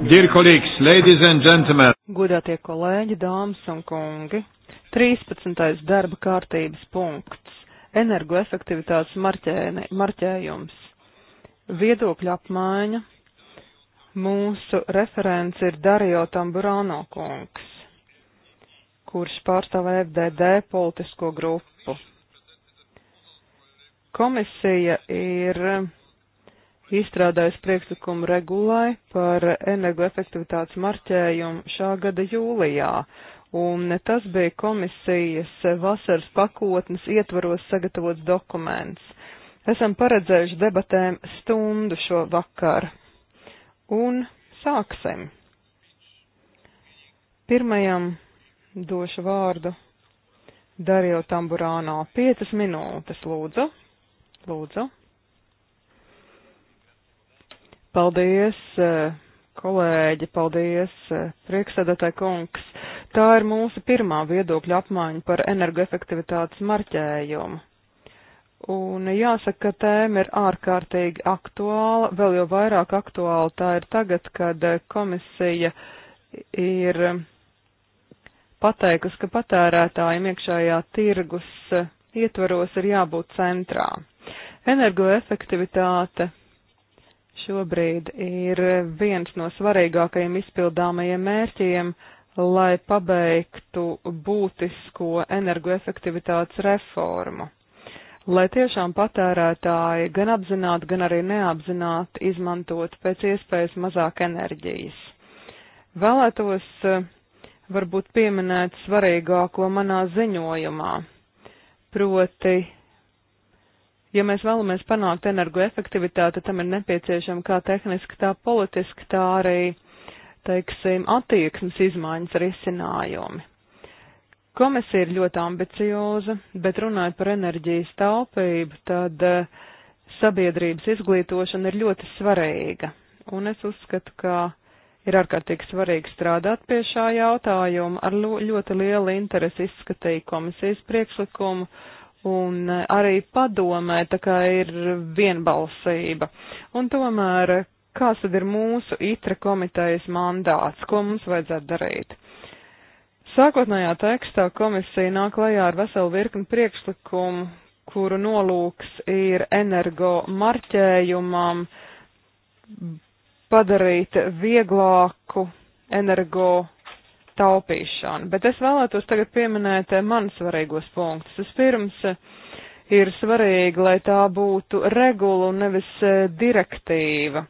Dear colleagues, ladies and gentlemen. Godātie kolēģi, dāmas un kungi, 13. darba kārtības punkts - energoefektivitātes marķēne, marķējums, viedokļa apmaiņa. Mūsu referents ir Dario Tamburāno kungs, kurš pārstāv FDD politisko grupu. Komisija ir izstrādājis priekšlikumu regulai par energoefektivitātes marķējumu šā gada jūlijā, un tas bija komisijas vasaras pakotnes ietvaros sagatavots dokuments. Esam paredzējuši debatēm stundu šo vakaru. Un sāksim. Pirmajam došu vārdu Dario Tamburāno. Piecas minūtes, lūdzu. Lūdzu. Paldies, eh, kolēģi, paldies, eh, priekšsēdētāji kungs. Tā ir mūsu pirmā viedokļa apmaiņa par energoefektivitātes marķējumu. Un jāsaka, ka tēma ir ārkārtīgi aktuāla, vēl jau vairāk aktuāla tā ir tagad, kad eh, komisija ir pateikusi, ka patērētājiem iekšējā tirgus ietvaros ir jābūt centrā. Energoefektivitāte šobrīd ir viens no svarīgākajiem izpildāmajiem mērķiem, lai pabeigtu būtisko energoefektivitātes reformu. Lai tiešām patērētāji gan apzināti, gan arī neapzināti izmantot pēc iespējas mazāk enerģijas. Vēlētos eh, varbūt pieminēt svarīgāko manā ziņojumā, proti Ja mēs vēlamies panākt energoefektivitāti, tam ir nepieciešama kā tehniski, tā politiski, tā arī, teiksim, attieksmes izmaiņas risinājumi. Komisija ir ļoti ambicioza, bet runājot par enerģijas taupību, tad eh, sabiedrības izglītošana ir ļoti svarīga. Un es uzskatu, ka ir ārkārtīgi svarīgi strādāt pie šā jautājuma. Ar ļoti lielu interesi izskatīju komisijas priekšlikumu un eh, arī padomē tā kā ir vienbalsība. Un tomēr, kāds tad ir mūsu itra komitejas mandāts, ko mums vajadzētu darīt? Sākotnējā tekstā komisija nāk klajā ar veselu virkni priekšlikumu, kuru nolūks ir energo marķējumam padarīt vieglāku energo taupīšanu. Bet es vēlētos tagad pieminēt eh, man svarīgos punktus. Vispirms eh, ir svarīgi, lai tā būtu regula un nevis eh, direktīva,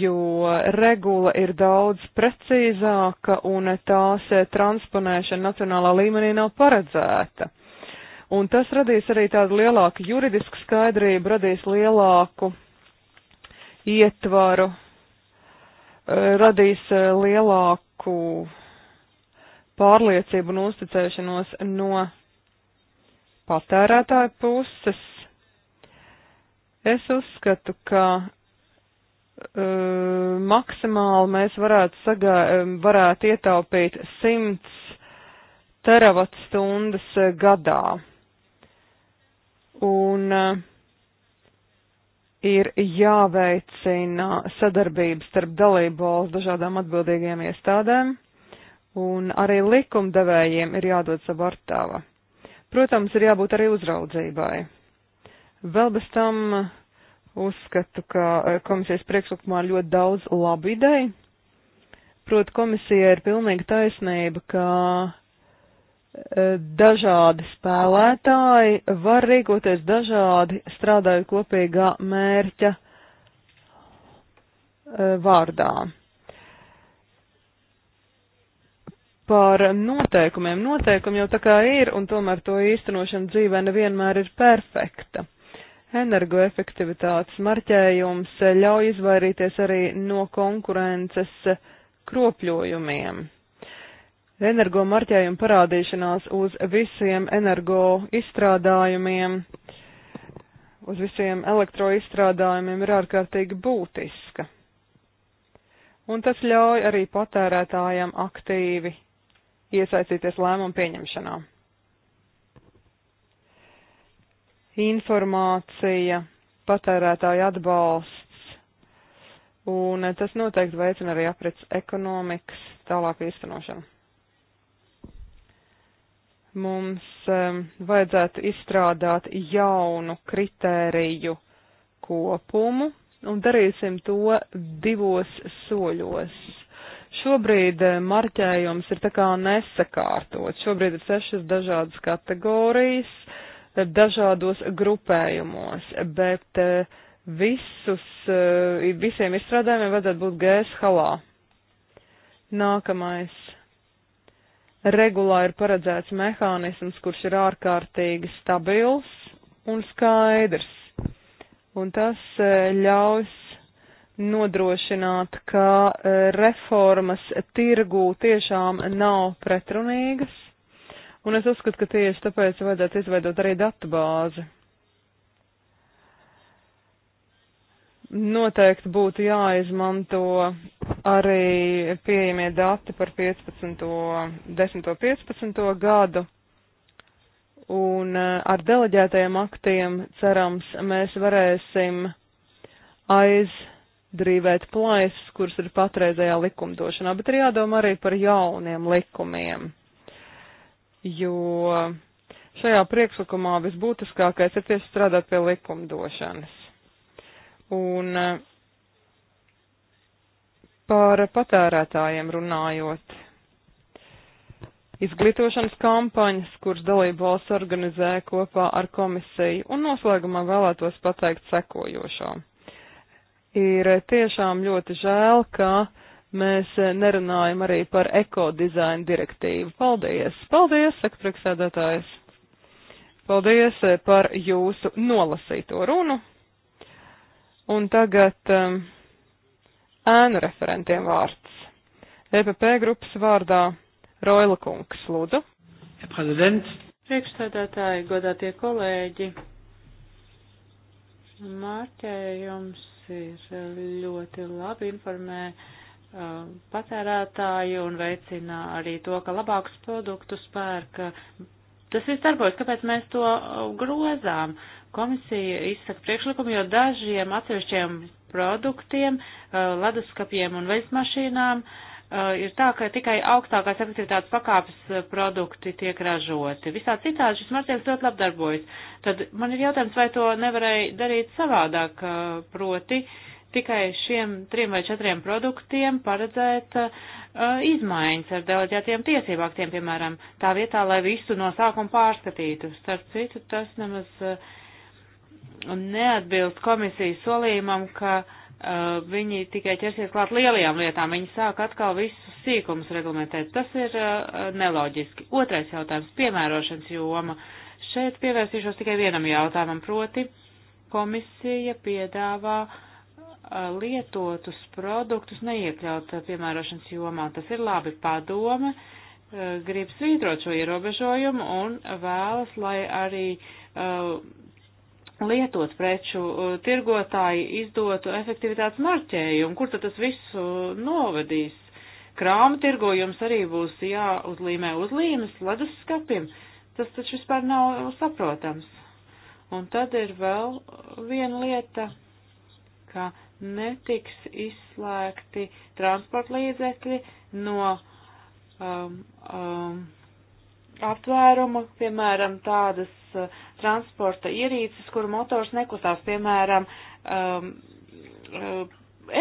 jo regula ir daudz precīzāka un tās transponēšana nacionālā līmenī nav paredzēta. Un tas radīs arī tādu lielāku juridisku skaidrību, radīs lielāku ietvaru, radīs lielāku pārliecību un uzticēšanos no patērētāja puses. Es uzskatu, ka uh, maksimāli mēs varētu, sagā, um, varētu ietaupīt 100 teravatstundas uh, gadā. Un uh, ir jāveicina sadarbības starp dalību valsts dažādām atbildīgajām iestādēm un arī likumdevējiem ir jādod savu artāva. Protams, ir jābūt arī uzraudzībai. Vēl bez tam uzskatu, ka e, komisijas priekšlikumā ir ļoti daudz labu ideju. Proti, komisija ir pilnīga taisnība, ka e, dažādi spēlētāji var rīkoties dažādi, strādājot kopīgā mērķa e, vārdā. par noteikumiem. Noteikumi jau tā kā ir, un tomēr to īstenošana dzīvē nevienmēr ir perfekta. Energoefektivitātes marķējums ļauj izvairīties arī no konkurences kropļojumiem. Energo marķējuma parādīšanās uz visiem energo izstrādājumiem, uz visiem elektroizstrādājumiem ir ārkārtīgi būtiska. Un tas ļauj arī patērētājiem aktīvi iesaistīties lēmumu pieņemšanā. Informācija, patērētāja atbalsts, un tas noteikti veicina arī aprits ekonomikas tālāku īstenošanu. Mums um, vajadzētu izstrādāt jaunu kritēriju kopumu un darīsim to divos soļos Šobrīd eh, marķējums ir tā kā nesakārtots. Šobrīd ir sešas dažādas kategorijas eh, dažādos grupējumos, bet eh, visus, visiem izstrādājumiem vajadzētu būt gēs halā. Nākamais. Regulā ir paredzēts mehānisms, kurš ir ārkārtīgi stabils un skaidrs. Un tas ļaus nodrošināt, ka e, reformas tirgū tiešām nav pretrunīgas, un es uzskatu, ka tieši tāpēc vajadzētu izveidot arī datubāzi. Noteikti būtu jāizmanto arī pieejamie dati par 15. 10. 15. gadu un e, ar deleģētajiem aktiem cerams mēs varēsim aiz drīvēt plaisas, kuras ir patreizējā likumdošanā, bet ir jādomā arī par jauniem likumiem. Jo šajā priekšlikumā visbūtiskākais ir tieši strādāt pie likumdošanas. Un eh, par patērētājiem runājot. Izglītošanas kampaņas, kuras dalību valsts organizē kopā ar komisiju, un noslēgumā vēlētos pateikt sekojošo. Ir tiešām ļoti žēl, ka mēs nerunājam arī par ekodizaina direktīvu. Paldies! Paldies, saka priekšsēdētājs! Paldies par jūsu nolasīto runu! Un tagad um, ēnu referentiem vārds. EPP grupas vārdā Roila Kungs, lūdzu. Ja, prezidents. Priekšstādātāji, godātie kolēģi, mārķējums ir ļoti labi informē uh, patērētāju un veicina arī to, ka labākus produktus pērka. Tas viss darbojas, kāpēc mēs to uh, grozām. Komisija izsaka priekšlikumu, jo dažiem atsevišķiem produktiem, uh, leduskapiem un veismašīnām uh, Eh, ir tā, ka tikai augstākās efektivitātes pakāpes eh, produkti tiek ražoti. Visā citādi šis marķējums ļoti labdarbojas. Tad man ir jautājums, vai to nevarēja darīt savādāk, eh, proti tikai šiem trim vai četriem produktiem paredzēt uh, izmaiņas ar deleģētiem tiesību aktiem, piemēram, tā vietā, lai visu no sākuma pārskatītu. Starp citu, tas nemaz uh, neatbilst komisijas solījumam, ka uh, Uh, viņi tikai ķersies klāt lielajām lietām, viņi sāk atkal visus sīkumus reglamentēt. Tas ir uh, neloģiski. Otrais jautājums - piemērošanas joma. Šeit pievērsīšos tikai vienam jautājumam, proti komisija piedāvā uh, lietotus produktus neiekļaut uh, piemērošanas jomā. Tas ir labi padome, uh, grib svītrot šo ierobežojumu un vēlas, lai arī uh, lietot preču uh, tirgotāji izdotu efektivitātes marķējumu. Kur tad tas visu uh, novedīs? Krāma tirgojums arī būs jāuzlīmē uzlīmes ledus skapim. Tas taču vispār nav saprotams. Un tad ir vēl viena lieta, ka netiks izslēgti transporta līdzekļi no um, um, aptvēruma, piemēram, tādas Uh, transporta ierīces, kuru motors nekustās, piemēram, um, uh,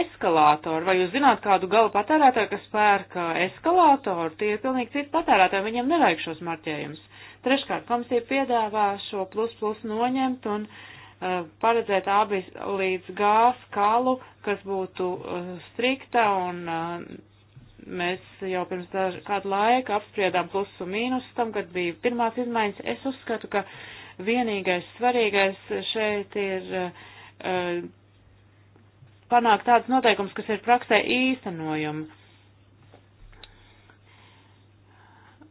eskalātoru. Vai jūs zināt kādu gala patērētāju, kas pērka eskalātoru? Tie ir pilnīgi citi patērētāji, viņiem nevajag šos marķējumus. Treškārt, komisija piedāvā šo plus plus noņemt un uh, paredzēt abi līdz gā skalu, kas būtu uh, strikta un uh, Mēs jau pirms daž, kādu laiku apspriedām plusus un mīnusus tam, kad bija pirmās izmaiņas. Es uzskatu, ka vienīgais svarīgais šeit ir uh, panākt tāds noteikums, kas ir praksē īstenojumi.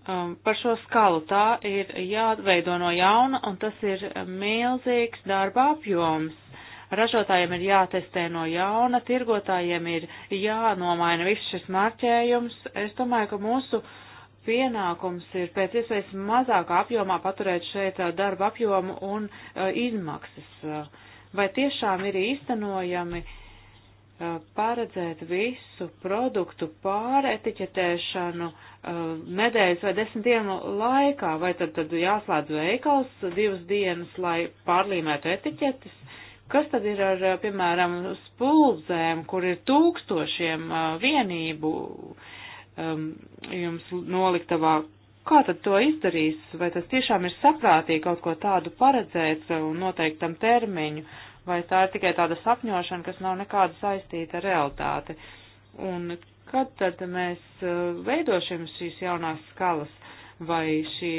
um, par šo skalu. Tā ir jāveido no jauna, un tas ir milzīgs darba apjoms. Ražotājiem ir jātestē no jauna, tirgotājiem ir jānomaina viss šis marķējums. Es domāju, ka mūsu pienākums ir pēc iespējas mazākā apjomā paturēt šeit darba apjomu un izmaksas. Vai tiešām ir īstenojami paredzēt visu produktu pāretiķetēšanu nedēļas vai desmit dienu laikā, vai tad, tad jāslēdz veikals divas dienas, lai pārlīmētu etiķetes? Kas tad ir ar, eh, piemēram, spuldzēm, kur ir tūkstošiem eh, vienību um, jums noliktavā? Kā tad to izdarīs? Vai tas tiešām ir saprātīgi kaut ko tādu paredzēt un noteiktam termiņu? Vai tā ir tikai tāda sapņošana, kas nav nekāda saistīta ar realitāti? Un kad tad mēs eh, veidošam šīs jaunās skalas? Vai šie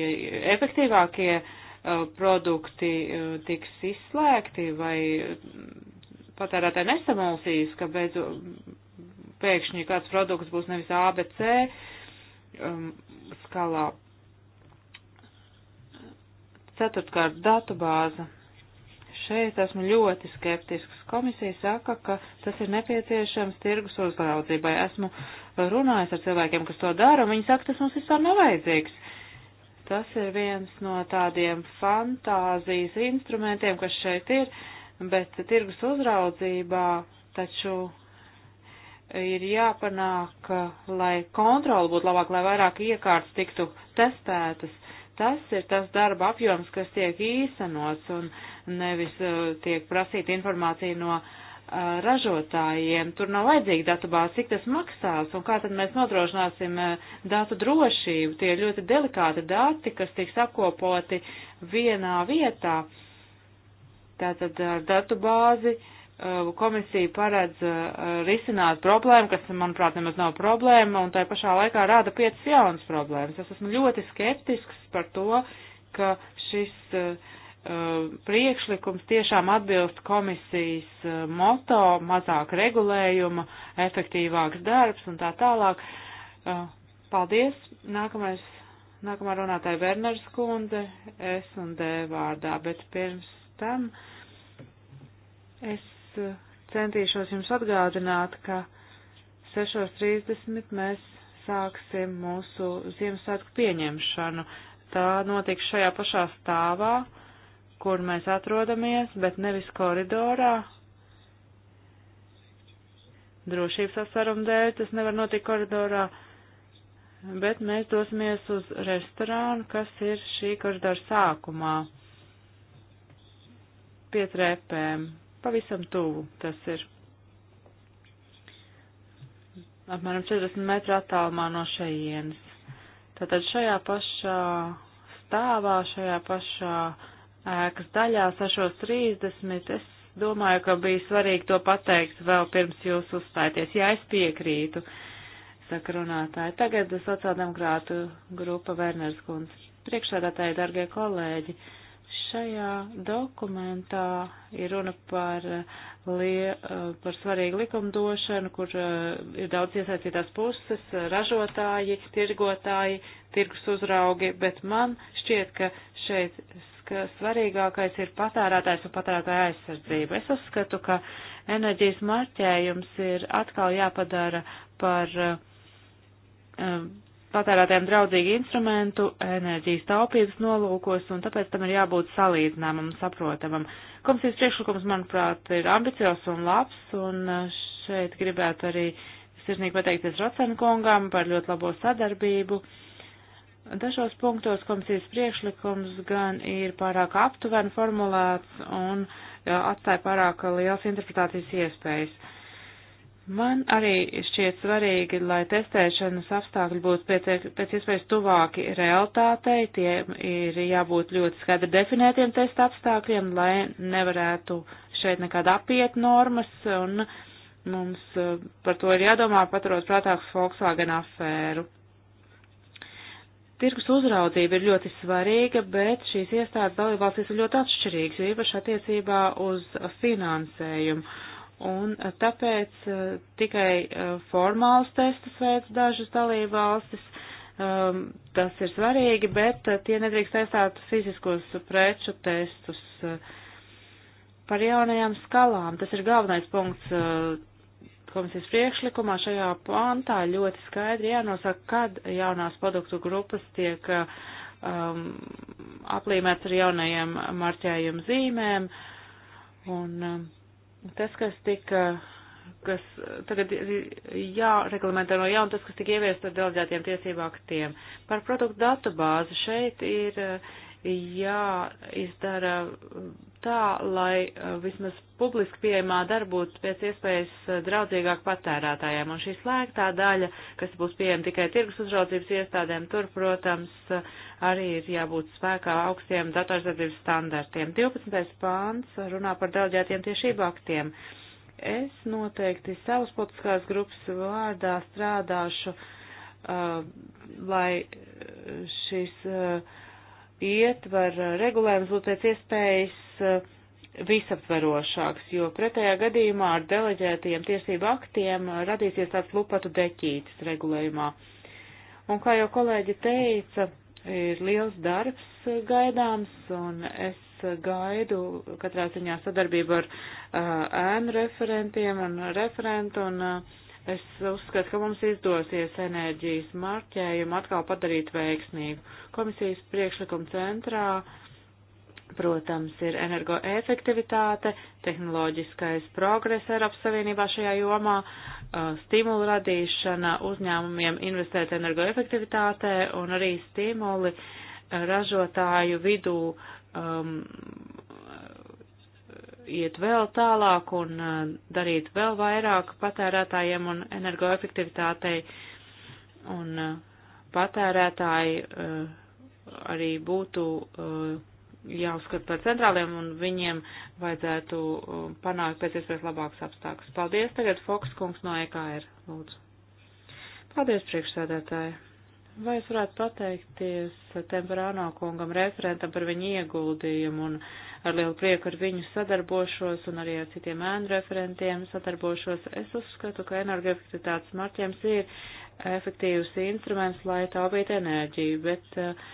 efektīvākie uh, Uh, produkti uh, tiks izslēgti vai mm, patērētāji nesamulsīs, ka beidz, mm, pēkšņi kāds produkts būs nevis A, bet C um, skalā. Ceturtkārt, datubāza. Šeit esmu ļoti skeptisks. Komisija saka, ka tas ir nepieciešams tirgus uzraudzībai. Esmu runājis ar cilvēkiem, kas to dara, un viņi saka, tas mums vispār nav vajadzīgs. Tas ir viens no tādiem fantāzijas instrumentiem, kas šeit ir, bet tirgus uzraudzībā taču ir jāpanāk, lai kontroli būtu labāk, lai vairāk iekārtas tiktu testētas. Tas ir tas darba apjoms, kas tiek īstenots un nevis uh, tiek prasīta informācija no uh, ražotājiem. Tur nav vajadzīga datubāze, cik tas maksās un kā tad mēs nodrošināsim datu drošību. Tie ir ļoti delikāti dati, kas tiks apkopoti vienā vietā. Tātad ar datubāzi komisija paredz risināt problēmu, kas, manuprāt, nemaz nav problēma, un tai pašā laikā rāda piecas jaunas problēmas. Es esmu ļoti skeptisks par to, ka šis uh, Uh, priekšlikums tiešām atbilst komisijas uh, moto - mazāk regulējuma, efektīvāks darbs un tā tālāk. Uh, paldies! Nākamais, nākamā runātāja Berners Kunde, S un D vārdā, bet pirms tam es centīšos jums atgādināt, ka 6.30 mēs sāksim mūsu Ziemassvētku pieņemšanu. Tā notiks šajā pašā stāvā kur mēs atrodamies, bet nevis koridorā. Drošības apsvērumu dēļ tas nevar notikt koridorā, bet mēs dosimies uz restorānu, kas ir šī koridora sākumā. Pie trepēm, pavisam tuvu tas ir. Apmēram 40 metru attālumā no šejienes. Tātad šajā pašā stāvā, šajā pašā uh, ēkas daļā 6.30. Es domāju, ka bija svarīgi to pateikt vēl pirms jūs uzstājaties. Jā, es piekrītu, saka runātāji. Tagad sociāldemokrātu grupa Werners Kunds. Priekšsēdētāji, dargie kolēģi, šajā dokumentā ir runa par, lie, par svarīgu likumdošanu, kur eh, ir daudz iesaistītās puses, ražotāji, tirgotāji, tirgus uzraugi, bet man šķiet, ka šeit ka svarīgākais ir patērētājs un patērētāja aizsardzība. Es uzskatu, ka enerģijas marķējums ir atkal jāpadara par um, patērētājiem draudzīgu instrumentu enerģijas taupības nolūkos, un tāpēc tam ir jābūt salīdzināmam un saprotamam. Komisijas priekšlikums, manuprāt, ir ambiciozs un labs, un eh, šeit gribētu arī sirsnīgi pateikties Rocenkongam par ļoti labo sadarbību. Uh, Dažos punktos komisijas priekšlikums gan ir pārāk aptuveni formulēts un atstāja pārāk liels interpretācijas iespējas. Man arī šķiet svarīgi, lai testēšanas apstākļi būtu pēc, pēc iespējas tuvāki realitātei, tie ir jābūt ļoti skaidri definētiem testa apstākļiem, lai nevarētu šeit nekāda apiet normas, un mums eh, par to ir jādomā paturot prātāks Volkswagen afēru. Tirgus uzraudzība ir ļoti svarīga, bet šīs iestādes dalībvalstīs ir ļoti atšķirīgas, jo īpaši attiecībā uz finansējumu. Un eh, tāpēc eh, tikai eh, formāls testus veids dažas dalībvalstis, um, tas ir svarīgi, bet tie nedrīkst aizstāt fiziskos preču testus. Par jaunajām skalām tas ir galvenais punkts komisijas priekšlikumā šajā pantā ļoti skaidri jānosaka, kad jaunās produktu grupas tiek um, aplīmēts ar jaunajiem marķējumu zīmēm. Un um, tas, kas tika kas tagad ir jāreglamentē no jauna, tas, kas tika ieviests ar delģētiem tiesību aktiem. Par produktu datubāzi šeit ir uh, jāizdara tā, lai uh, vismaz publiski pieejamā darba būtu pēc iespējas uh, draudzīgāk patērētājiem. Un šī slēgtā daļa, kas būs pieejama tikai tirgus uzraudzības iestādēm, tur, protams, uh, arī ir jābūt spēkā augstiem datorzadzības standartiem. 12. pāns runā par draudētiem tiešību aktiem. Es noteikti savas politiskās grupas vārdā strādāšu, uh, lai šis. Uh, ietver eh, regulējums būtu pēc iespējas eh, visaptverošāks, jo pretējā gadījumā ar deleģētajiem tiesību aktiem eh, radīsies tāds lupatu deķītis regulējumā. Un kā jau kolēģi teica, ir liels darbs gaidāms, un es gaidu katrā ziņā sadarbību ar ēnu referentiem un referentu, un uh, Es uzskatu, ka mums izdosies enerģijas marķējumu atkal padarīt veiksmīgu. Komisijas priekšlikuma centrā, protams, ir energoefektivitāte, tehnoloģiskais progress Eiropas Savienībā šajā jomā, stimulu radīšana uzņēmumiem investēt energoefektivitātē un arī stimuli ražotāju vidū um, iet vēl tālāk un uh, darīt vēl vairāk patērētājiem un energoefektivitātei. Un uh, patērētāji uh, arī būtu jāuzskata par centrāliem un viņiem vajadzētu panākt pēc iespējas labākus apstākļus. Paldies, tagad Foks kungs no EKR, lūdzu. Paldies, priekšsēdētāji. Vai es varētu pateikties Temperāno kungam referentam par viņu ieguldījumu un uh, ar lielu prieku ar viņu sadarbošos un arī ar citiem ēnu referentiem sadarbošos. Es uzskatu, ka energoefektivitātes marķējums ir efektīvs instruments, lai taupītu enerģiju, bet uh,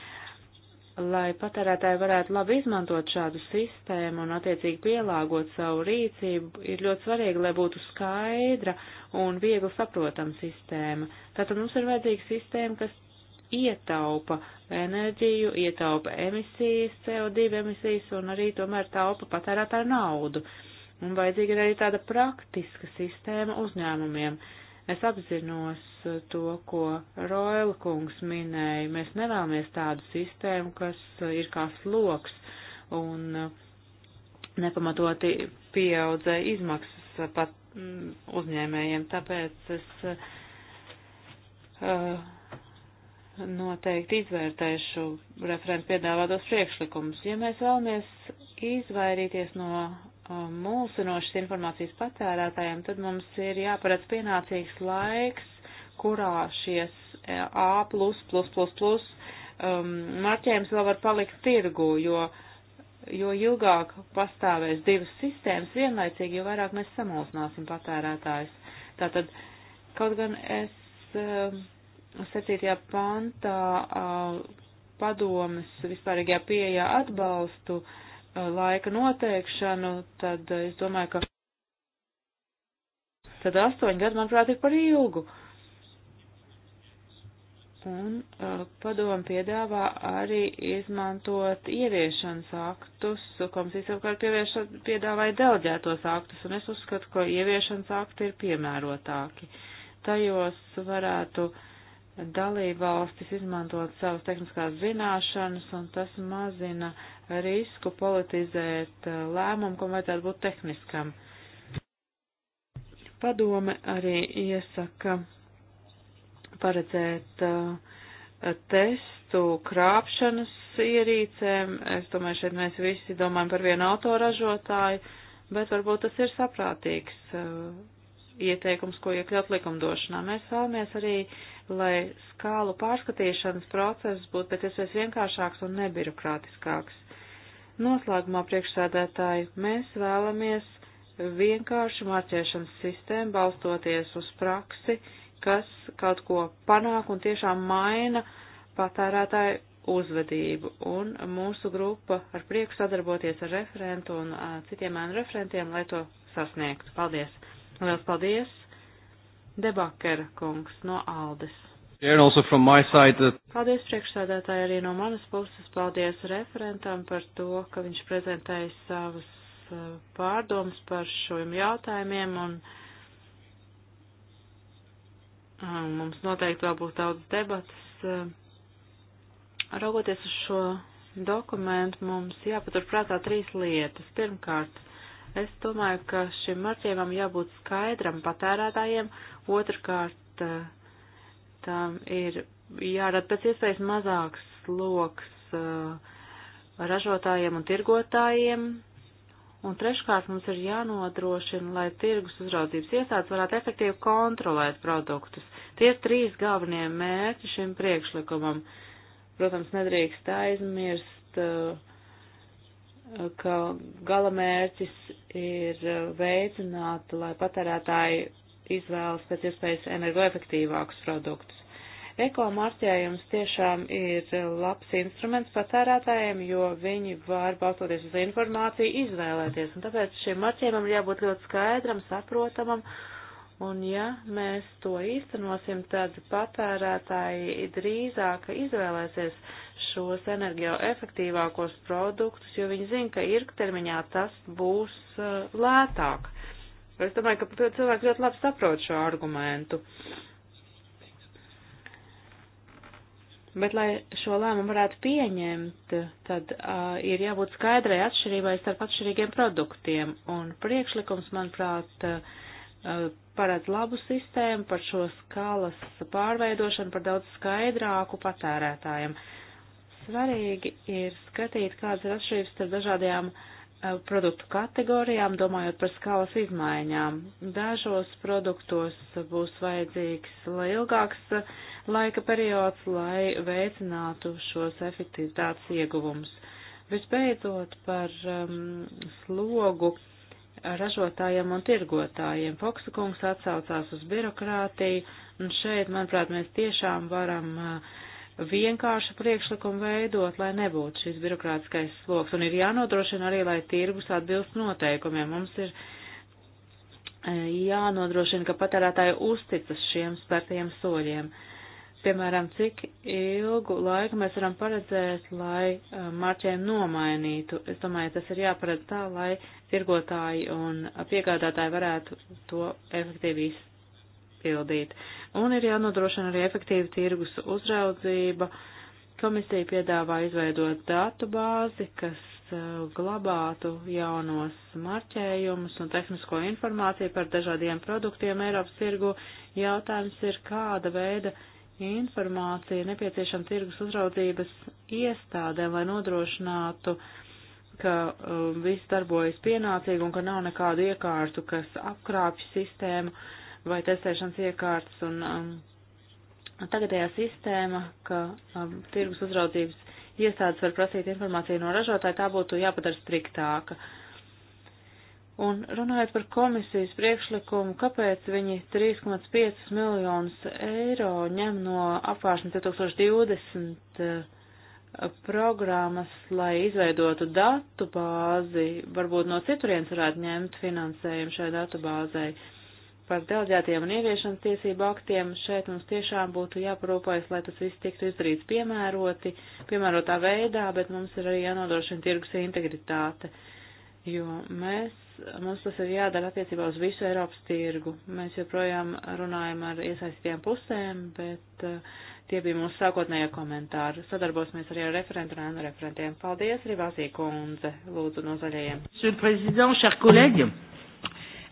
lai patērētāji varētu labi izmantot šādu sistēmu un attiecīgi pielāgot savu rīcību, ir ļoti svarīgi, lai būtu skaidra un viegli saprotama sistēma. Tātad mums ir vajadzīga sistēma, kas ietaupa enerģiju, ietaupa emisijas, CO2 emisijas un arī tomēr taupa patērētāju naudu. Un vajadzīga ir arī tāda praktiska sistēma uzņēmumiem. Es apzinos to, ko Roila kungs minēja. Mēs nevēlamies tādu sistēmu, kas ir kā sloks un nepamatoti pieaudzē izmaksas pat mm, uzņēmējiem. Tāpēc es uh, noteikti izvērtēšu referentu piedāvātos priekšlikumus. Ja mēs vēlamies izvairīties no um, mulsinošas informācijas patērētājiem, tad mums ir jāparedz pienācīgs laiks, kurā šies e, A++ um, marķējums vēl var palikt tirgu, jo, jo ilgāk pastāvēs divas sistēmas vienlaicīgi, jo vairāk mēs samulsināsim patērētājs. Tātad, kaut gan es um, sacītajā pantā padomes vispārīgajā pieejā atbalstu laika noteikšanu, tad es domāju, ka tad astoņi gadi, manuprāt, ir par ilgu. Un padomu piedāvā arī izmantot ieviešanas aktus, komisija savukārt piedāvāja delģētos aktus, un es uzskatu, ka ieviešanas akti ir piemērotāki. Tajos varētu uh, dalībvalstis izmantot savas tehniskās zināšanas, un tas mazina risku politizēt eh, lēmumu, kam vajadzētu būt tehniskam. Padome arī iesaka paredzēt eh, testu krāpšanas ierīcēm. Es domāju, šeit mēs visi domājam par vienu autoražotāju, bet varbūt tas ir saprātīgs eh, ieteikums, ko iekļaut likumdošanā. Mēs vēlamies arī, lai skālu pārskatīšanas process būtu pēc iespējas vienkāršāks un nebirokrātiskāks. Noslēgumā priekšsēdētāji mēs vēlamies vienkāršu mācīšanas sistēmu balstoties uz praksi, kas kaut ko panāk un tiešām maina patērētāju uzvedību. Un mūsu grupa ar prieku sadarboties ar referentu un citiem ēnu referentiem, lai to sasniegtu. Paldies! Lielas paldies! Debakera kungs no Aldes. Side, uh... Paldies priekšsādātāji arī no manas puses. Paldies referentam par to, ka viņš prezentēja savas uh, pārdomas par šiem jautājumiem un uh, mums noteikti vēl būs daudz debatas. Uh, raugoties uz šo dokumentu, mums jāpaturprātā trīs lietas. Pirmkārt, Es domāju, ka šim marķējumam jābūt skaidram patērētājiem. Otrakārt, tam ir jārada pēc iespējas mazāks sloks eh, ražotājiem un tirgotājiem, Un treškārt mums ir jānodrošina, lai tirgus uzraudzības iestādes varētu efektīvi kontrolēt produktus. Tie ir trīs galvenie mērķi šim priekšlikumam. Protams, nedrīkst aizmirst uh, ka gala mērķis ir e, veicināt, lai patērētāji izvēlas pēc iespējas energoefektīvākus produktus. Eko marķējums tiešām ir labs instruments patērētājiem, jo viņi var balstoties uz informāciju izvēlēties. Un tāpēc šiem marķējumam ir jābūt ļoti skaidram, saprotamam. Un ja mēs to īstenosim, tad patērētāji drīzāk izvēlēsies uh, šos energoefektīvākos produktus, jo viņi zina, ka ilgtermiņā tas būs uh, lētāk. Es domāju, ka cilvēki ļoti labi saprot šo argumentu. Bet, lai šo lēmumu varētu pieņemt, tad uh, ir jābūt skaidrai atšķirībai starp atšķirīgiem produktiem. Un priekšlikums, manuprāt, uh, paredz labu sistēmu par šo skalas pārveidošanu par daudz skaidrāku patērētājiem. Uh, Svarīgi ir skatīt, kādas ir atšķirības starp dažādajām eh, produktu kategorijām, domājot par skalas izmaiņām. Dažos produktos būs vajadzīgs ilgāks eh, laika periods, lai veicinātu šos efektivitātes ieguvumus. Visbeidzot par um, slogu ražotājiem un tirgotājiem. Foksakungs atsaucās uz birokrātiju, un šeit, manuprāt, mēs tiešām varam uh, vienkāršu priekšlikumu veidot, lai nebūtu šis birokrātiskais sloks. Un ir jānodrošina arī, lai tirgus atbilst noteikumiem. Mums ir e, jānodrošina, ka patērētāji uzticas šiem spērtajiem soļiem. Piemēram, cik ilgu laiku mēs varam paredzēt, lai e, marķējumu nomainītu. Es domāju, tas ir jāparedz tā, lai tirgotāji un piegādātāji varētu to efektīvi izpildīt. Uh, un ir jānodrošina arī efektīva tirgus uzraudzība. Komisija piedāvā izveidot datu bāzi, kas uh, glabātu jaunos marķējumus un tehnisko informāciju par dažādiem produktiem Eiropas tirgu. Jautājums ir, kāda veida informācija nepieciešama tirgus uzraudzības iestādēm, lai nodrošinātu, ka um, viss darbojas pienācīgi un ka nav nekādu iekārtu, kas apkrāpj sistēmu. Uh, vai testēšanas iekārtas un um, tagadējā sistēma, ka um, tirgus uzraudzības iestādes var prasīt informāciju no ražotāja, tā būtu jāpadara striktāka. Un runājot par komisijas priekšlikumu, kāpēc viņi 3,5 miljonus eiro ņem no apvāršanas 2020 uh, programmas, lai izveidotu datu bāzi, varbūt no citurienes varētu ņemt finansējumu šai datu bāzei. Uh, par delģētiem un ieviešanas tiesību aktiem, šeit mums tiešām būtu jāparūpējas, lai tas viss tiktu izdarīts piemēroti, piemērotā veidā, bet mums ir arī jānodrošina tirgus integritāte, jo mēs, mums tas ir jādara attiecībā uz visu Eiropas tirgu. Mēs joprojām runājam ar iesaistītiem pusēm, bet uh, tie bija mūsu sākotnējie komentāri. Sadarbosimies arī ar referentu un ēnu referentiem. Paldies, Rivāsī kundze, lūdzu no zaļajiem. Monsieur le Président, chers collègues,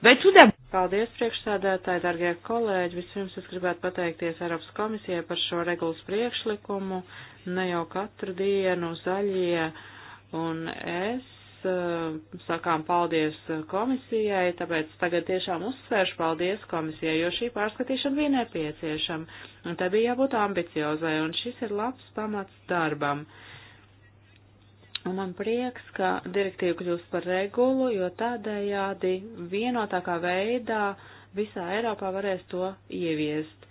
ben tout d'abord. Paldies, priekšsādātāji, dargie kolēģi. Vispirms es gribētu pateikties Eiropas komisijai par šo regulas priekšlikumu. Ne jau katru dienu zaļie un es eh, sakām paldies komisijai, tāpēc tagad tiešām uzsvēršu paldies komisijai, jo šī pārskatīšana bija nepieciešama. Un te bija jābūt ambiciozai, un šis ir labs pamats darbam. Uh, Un man prieks, ka direktīva kļūst par regulu, jo tādējādi vienotākā veidā visā Eiropā varēs to ieviest.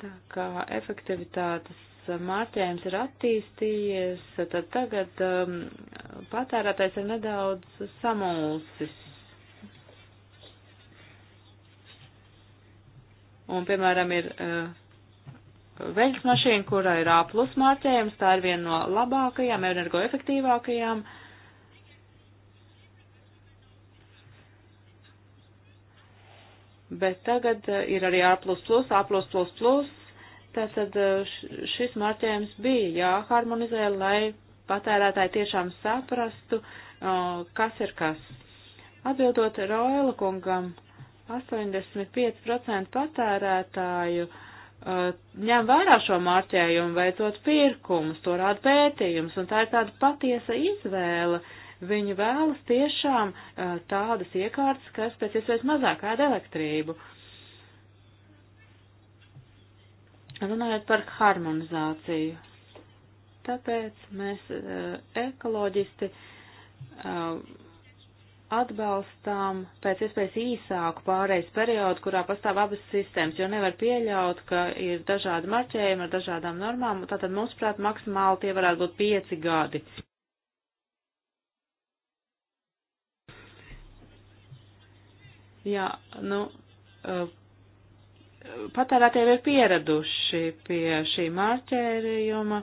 Tā kā efektivitātes mārķējums ir attīstījies, tad tagad um, patērētājs ir nedaudz samulsis. Un, piemēram, ir uh, veļas mašīna, kurā ir A plus marķējums, tā ir viena no labākajām, energoefektīvākajām. Bet tagad eh, ir arī A, A. Tātad eh, šis marķējums bija jāharmonizē, lai patērētāji tiešām saprastu, eh, kas ir kas. Atbildot Roila kungam, 85% patērētāju uh, Eh, ņem vērā šo marķējumu, veicot pirkumus, to rāda pētījums, un tā ir tāda patiesa izvēle. Viņi vēlas tiešām eh, tādas iekārtas, kas pēc iespējas mazāk ēd elektrību. Runājot par harmonizāciju. Tāpēc mēs eh, ekoloģisti atbalstām pēc iespējas īsāku pārejas periodu, kurā pastāv abas sistēmas, jo nevar pieļaut, ka ir dažādi marķējumi ar dažādām normām, tātad mums prāt maksimāli tie varētu būt pieci gadi. Jā, nu, eh, patērētiem ir pieraduši pie šī marķējuma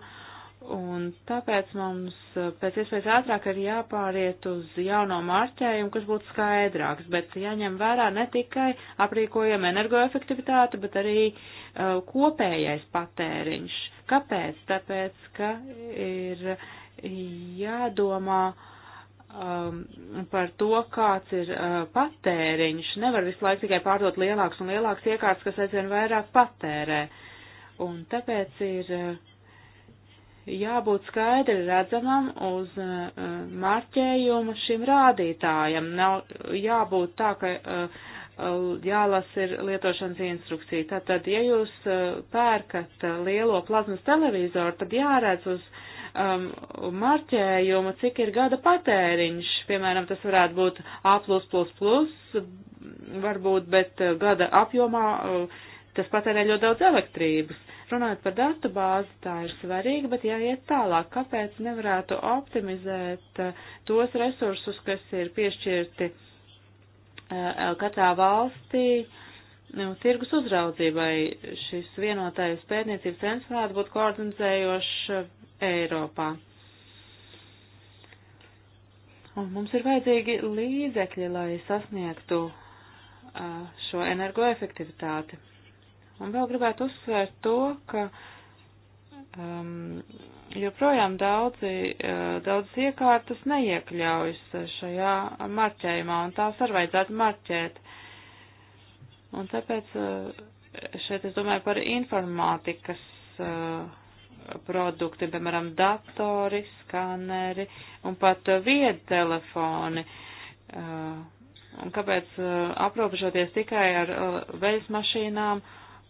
Un tāpēc mums eh, pēc iespējas ātrāk ir jāpāriet uz jauno marķējumu, kas būtu skaidrāks, bet jāņem vērā ne tikai aprīkojuma energoefektivitāte, bet arī uh, kopējais patēriņš. Kāpēc? Tāpēc, ka ir jādomā um, par to, kāds ir uh, patēriņš. Nevar visu laiku tikai pārdot lielāks un lielāks iekārts, kas aizvien vairāk patērē. Un tāpēc ir. Uh, jābūt skaidri redzamam uz uh, marķējumu šim rādītājam. Nav jābūt tā, ka uh, uh jālas ir lietošanas instrukcija. Tātad, ja jūs uh, pērkat uh, lielo plazmas televizoru, tad jāredz uz um, marķējumu, cik ir gada patēriņš. Piemēram, tas varētu būt A++, varbūt, bet uh, gada apjomā tas patērē ļoti daudz elektrības Runājot par datu bāzi, tā ir svarīga, bet jāiet tālāk. Kāpēc nevarētu optimizēt eh, tos resursus, kas ir piešķirti eh, katrā valstī nu, tirgus uzraudzībai? Šis vienotais pētniecības centrs varētu būt koordinējošs Eiropā. Un mums ir vajadzīgi līdzekļi, lai sasniegtu eh, šo energoefektivitāti. Un vēl gribētu uzsvērt to, ka um, joprojām daudzi, uh, daudz iekārtas neiekļaujas šajā marķējumā, un tās arī vajadzētu marķēt. Un tāpēc uh, šeit es domāju par informātikas uh, produktiem, piemēram, datori, skaneri un pat viedtelefoni. Uh, un kāpēc uh, aprobežoties tikai ar uh, veļas mašīnām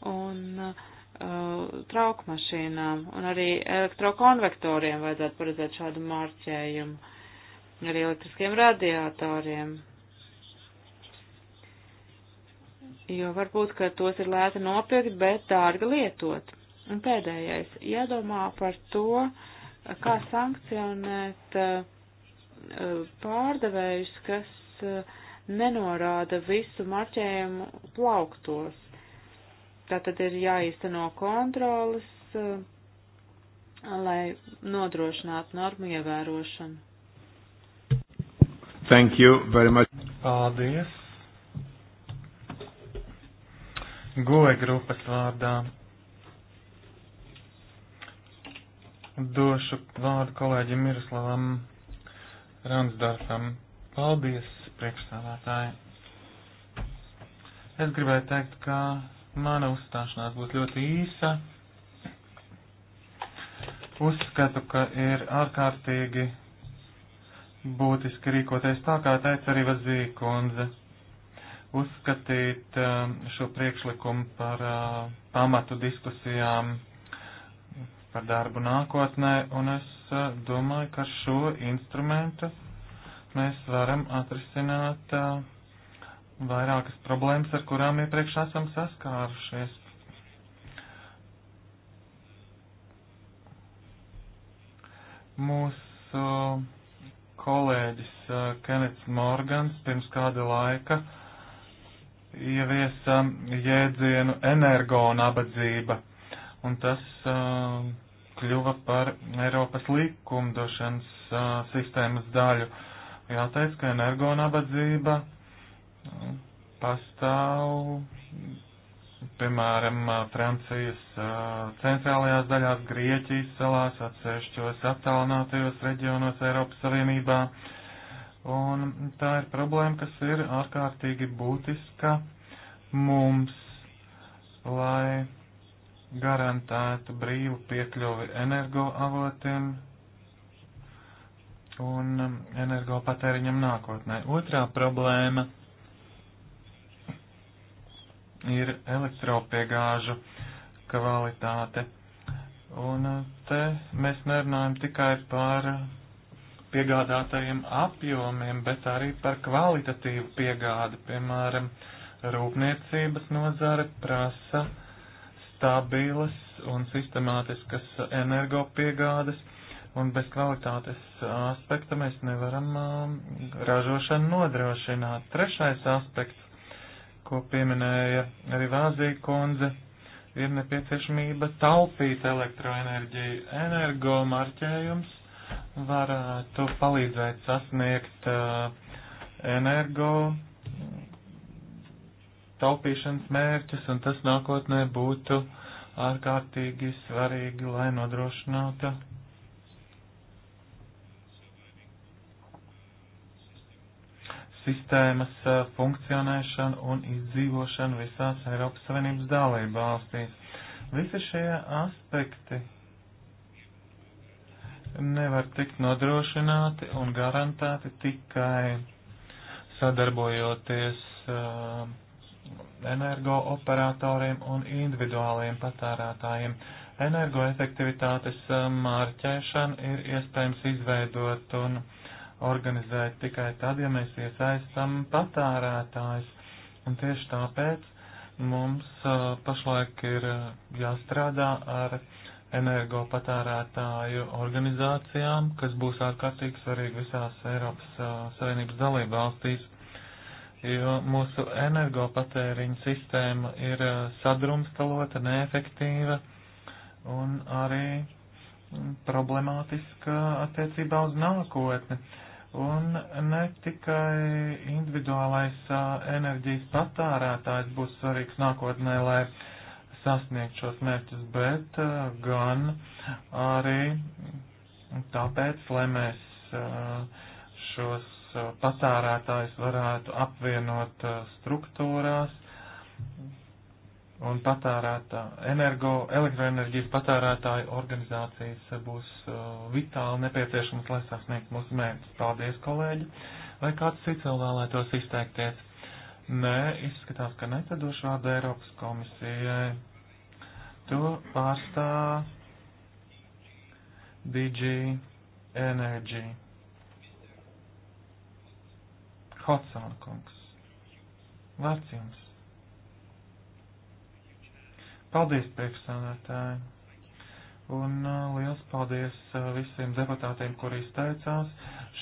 un uh, trauku mašīnām, un arī elektrokonvektoriem vajadzētu paredzēt šādu mārķējumu, arī elektriskiem radiatoriem. Jo varbūt, ka tos ir lēti nopirkt, bet dārgi lietot. Un pēdējais, jādomā par to, kā sankcionēt uh, pārdevējus, kas uh, nenorāda visu marķējumu plauktos Tātad ir jāīsteno kontrolas, eh, lai nodrošinātu normu ievērošanu. Thank you very much. Paldies. Goe grupas vārdā. Došu vārdu kolēģim Miroslavam Ransdārfam. Paldies, priekšsādātāji. Es gribēju teikt, ka Mana uzstāšanās būs ļoti īsa. Uzskatu, ka ir ārkārtīgi būtiski rīkoties tā, kā teica arī Vazīja kundze. Uzskatīt um, šo priekšlikumu par uh, pamatu diskusijām par darbu nākotnē, un es uh, domāju, ka šo instrumentu mēs varam atrisināt uh, vairākas problēmas, ar kurām iepriekš esam saskārušies. Mūsu kolēģis uh, Kenets Morgans pirms kāda laika ieviesa jēdzienu energo nabadzība, un tas uh, kļuva par Eiropas likumdošanas uh, sistēmas daļu. Jāteic, ka energo nabadzība pastāv, piemēram, Francijas centrālajās daļās, Grieķijas salās, atsevišķos attālinātajos reģionos Eiropas Savienībā. Un tā ir problēma, kas ir ārkārtīgi būtiska mums, lai garantētu brīvu piekļuvi energoavotiem un energopatēriņam nākotnē. Otrā problēma ir elektropiegāžu kvalitāte. Un uh, te mēs nerunājam tikai par uh, piegādātajiem apjomiem, bet arī par kvalitatīvu piegādi. Piemēram, rūpniecības nozare prasa stabilas un sistemātiskas energopiegādes, un bez kvalitātes aspekta mēs nevaram um, ražošanu nodrošināt. Trešais aspekts ko pieminēja arī Vāzija kundze, ir nepieciešamība taupīt elektroenerģiju. Energo marķējums varētu palīdzēt sasniegt uh, energo taupīšanas mērķus, un tas nākotnē būtu ārkārtīgi svarīgi, lai nodrošinātu sistēmas funkcionēšanu un izdzīvošanu visās Eiropas Savienības dalība valstīs. Visi šie aspekti nevar tikt nodrošināti un garantēti tikai sadarbojoties uh, energooperatoriem un individuāliem patērētājiem. Energoefektivitātes mārķēšana ir iespējams izveidot un uh, organizēt tikai tad, ja mēs iesaistam patārētājs. Un tieši tāpēc mums uh, pašlaik ir jāstrādā ar energopatērētāju organizācijām, kas būs ārkārtīgi svarīgi visās Eiropas uh, Savienības dalība valstīs, jo mūsu energopatēriņa sistēma ir uh, sadrumstalota, neefektīva un arī problemātiska attiecībā uz nākotni. Uh, Un ne tikai individuālais enerģijas patārētājs būs svarīgs nākotnē, lai sasniegt šos mērķus, bet gan arī tāpēc, lai mēs šos patārētājus varētu apvienot struktūrās, un patērētā energo, elektroenerģijas patērētāju organizācijas būs uh, vitāli nepieciešamas, lai sasniegtu mūsu mērķus. Paldies, kolēģi! Vai kāds cits vēl vēlētos izteikties? Nē, izskatās, ka netadošu vārdu Eiropas komisijai. To pārstāv DG Energy. Hotsona kungs. Vārds jums. Paldies, priekšsēdētāji! Un uh, liels paldies uh, visiem deputātiem, kuri izteicās.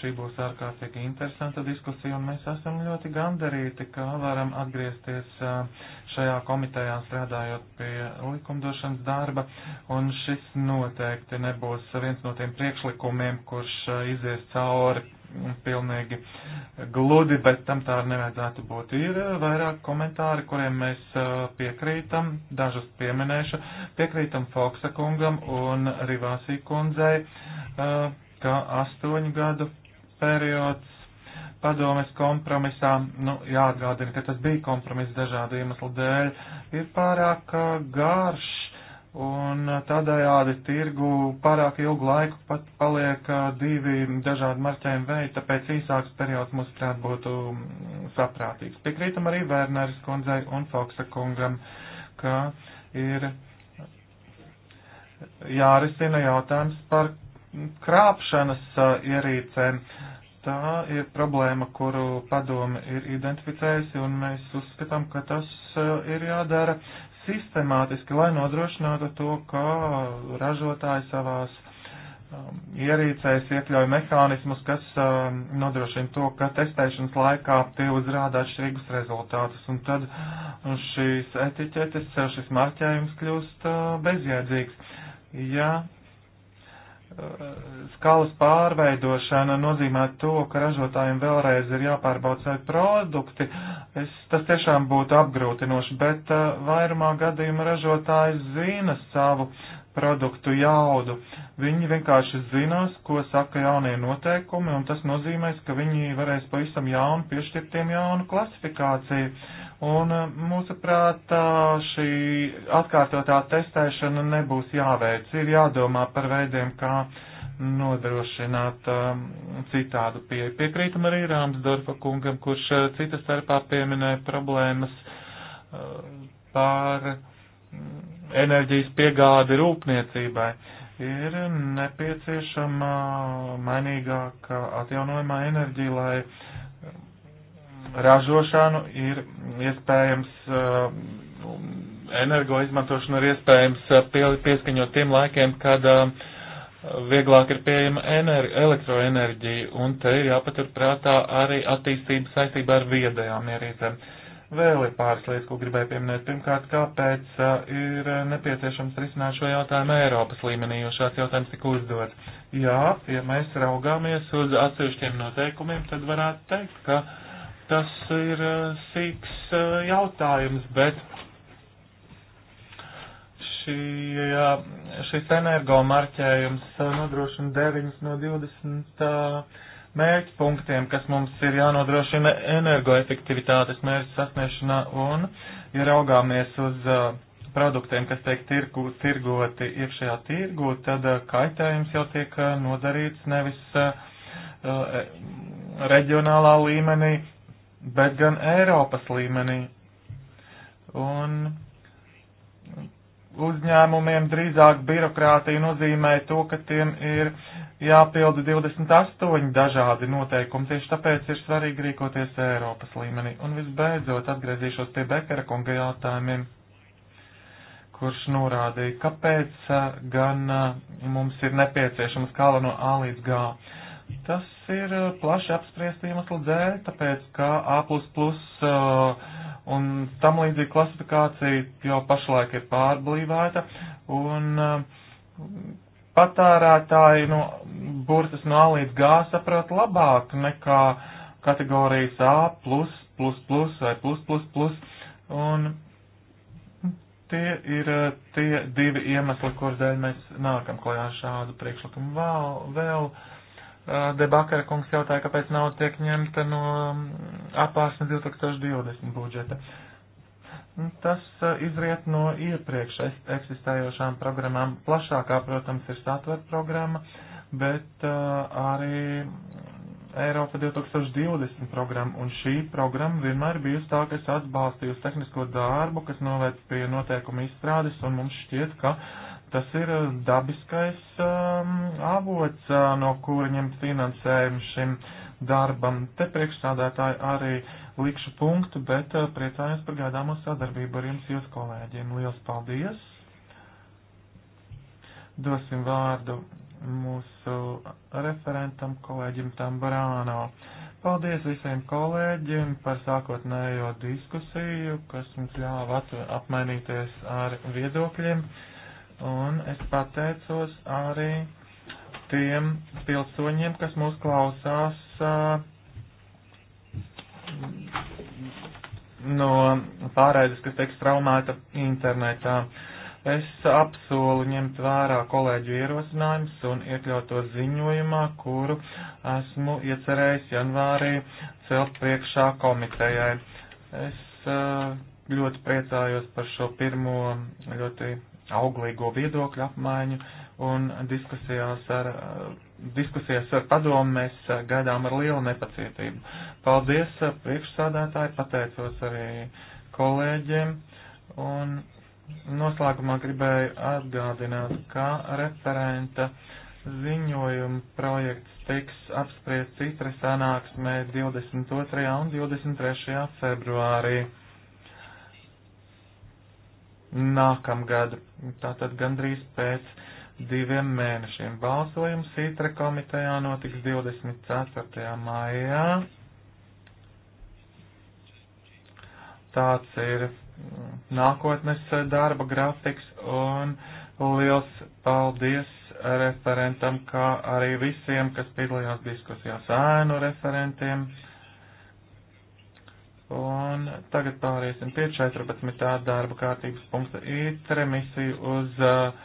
Šī būs ārkārtīgi interesanta diskusija, un mēs esam ļoti gandarīti, ka varam atgriezties uh, šajā komitejā strādājot pie likumdošanas darba. Un šis noteikti nebūs viens no tiem priekšlikumiem, kurš uh, izies cauri pilnīgi gludi, bet tam tā nevajadzētu būt. Ir eh, vairāk komentāri, kuriem mēs eh, piekrītam, dažus pieminēšu, piekrītam Foksa kungam un Rivāsī kundzei, eh, ka astoņu gadu periods padomes kompromisā, nu, jāatgādina, ka tas bija kompromiss dažādu iemeslu dēļ, ir pārāk garš un eh, tādējādi tirgu pārāk ilgu laiku pat paliek eh, divi dažādi marķējumi veidi, tāpēc īsāks periods mums prāt būtu mm, saprātīgs. Piekrītam arī Vērneris kundzei un Foksa kungam, ka ir jārisina jautājums par krāpšanas eh, ierīcēm. Tā ir problēma, kuru padome ir identificējusi, un mēs uzskatām, ka tas ir jādara sistemātiski, lai nodrošinātu to, ka ražotāji savās um, ierīcēs iekļauj mehānismus, kas um, nodrošina to, ka testēšanas laikā tie uzrāda atšķirīgus rezultātus, un tad šīs etiķetes, šis marķējums kļūst uh, bezjēdzīgs. Ja skalas pārveidošana nozīmē to, ka ražotājiem vēlreiz ir jāpārbauda savi produkti. Es, tas tiešām būtu apgrūtinoši, bet uh, vairumā gadījumā ražotājs zina savu produktu jaudu. Viņi vienkārši zinās, ko saka jaunie noteikumi, un tas nozīmēs, ka viņi varēs pavisam jaunu piešķirtiem jaunu klasifikāciju. Un eh, mūsuprāt, šī atkārtotā testēšana nebūs jāveic. Ir jādomā par veidiem, kā nodrošināt um, citādu pieeju. Piekrītam arī Rāmsdorfa kungam, kurš citas starpā pieminēja problēmas uh, par. Um, enerģijas piegādi rūpniecībai. Ir nepieciešama mainīgāka atjaunojumā enerģija, lai ražošanu ir iespējams, uh, energo izmantošanu ir iespējams uh, pieskaņot tiem laikiem, kad uh, vieglāk ir pieejama ener elektroenerģija, un te ir jāpaturprātā arī attīstība saistībā ar viedajām ierīcēm. Ja Vēl ir pāris lietas, ko gribēju pieminēt. Pirmkārt, kāpēc uh, ir nepieciešams risināt šo jautājumu Eiropas līmenī, jo šāds jautājums tika uzdots. Jā, ja mēs raugāmies uz atsevišķiem noteikumiem, tad varētu teikt, ka tas ir uh, sīks uh, jautājums, bet šī, šis energo marķējums nodrošina 9 no 20 mērķpunktiem, kas mums ir jānodrošina energoefektivitātes mērķu sasniegšanā un, ja raugāmies uz uh, produktiem, kas tiek tirgu, tirgoti iekšējā tirgu, tad uh, kaitējums jau tiek uh, nodarīts nevis reģionālā līmenī, bet gan Eiropas līmenī. Un uzņēmumiem drīzāk birokrātija nozīmē to, ka tiem ir uh, jāpilda 28 dažādi noteikumi, tieši tāpēc ir svarīgi rīkoties Eiropas līmenī. Un visbeidzot atgriezīšos pie Bekara kunga jautājumiem, kurš norādīja, kāpēc eh, gan eh, mums ir nepieciešams kala no A līdz G. Tas ir eh, plaši apspriesti iemeslu dēļ, tāpēc ka A un tam līdzīga klasifikācija jau pašlaik ir pārblīvēta un patērētāji no burtas no A līdz G saprot labāk nekā kategorijas A, plus, plus, plus vai plus, plus, plus. Un tie ir eh, tie divi iemesli, kur dēļ mēs nākam klajā šādu priekšlikumu. Vēl, vēl eh, debakara kungs jautāja, kāpēc nav tiek ņemta no mm, apārsnes 2020 budžeta. Uh, Tas eh, izriet no iepriekš eksistējošām programmām. Plašākā, protams, ir satver programma, bet eh, arī Eiropa 2020 programma, un šī programma vienmēr bijusi tā, kas atbalstījusi tehnisko darbu, kas novēc pie noteikuma izstrādes, un mums šķiet, ka tas ir eh, dabiskais um, avots, uh, no kura ņemt finansējumu šim darbam. Te priekšsādātāji arī uh, likšu punktu, bet eh, priecājos par gaidāmo sadarbību ar jums, jūs kolēģiem. Lielas paldies! Dosim vārdu mūsu referentam kolēģim Tambarāno. Paldies visiem kolēģiem par sākotnējo diskusiju, kas mums ļāva apmainīties ar viedokļiem. Un es pateicos arī tiem pilsoņiem, kas mūs klausās uh, no pārēdes, kas tiek straumēta internetā. Es apsolu ņemt vērā kolēģu ierosinājumus un iekļaut to ziņojumā, kuru esmu iecerējis janvārī celt priekšā komitejai. Es eh, ļoti priecājos par šo pirmo ļoti auglīgo viedokļu apmaiņu un diskusijās ar eh, diskusijas ar padomu mēs eh, gaidām ar lielu nepacietību. Paldies eh, priekšsādātāji, pateicos arī kolēģiem un noslēgumā gribēju atgādināt, ka referenta ziņojuma projekts tiks apspriests citra sanāksmē 22. un 23. februārī nākamgad, tātad gandrīz pēc diviem mēnešiem. Balsojums Sītra komitejā notiks 24. maijā. Tāds ir nākotnes darba grafiks un liels paldies referentam, kā arī visiem, kas piedalījās diskusijās ēnu referentiem. Un tagad pāriesim pie 14. darba kārtības punkta ītre misiju uz uh,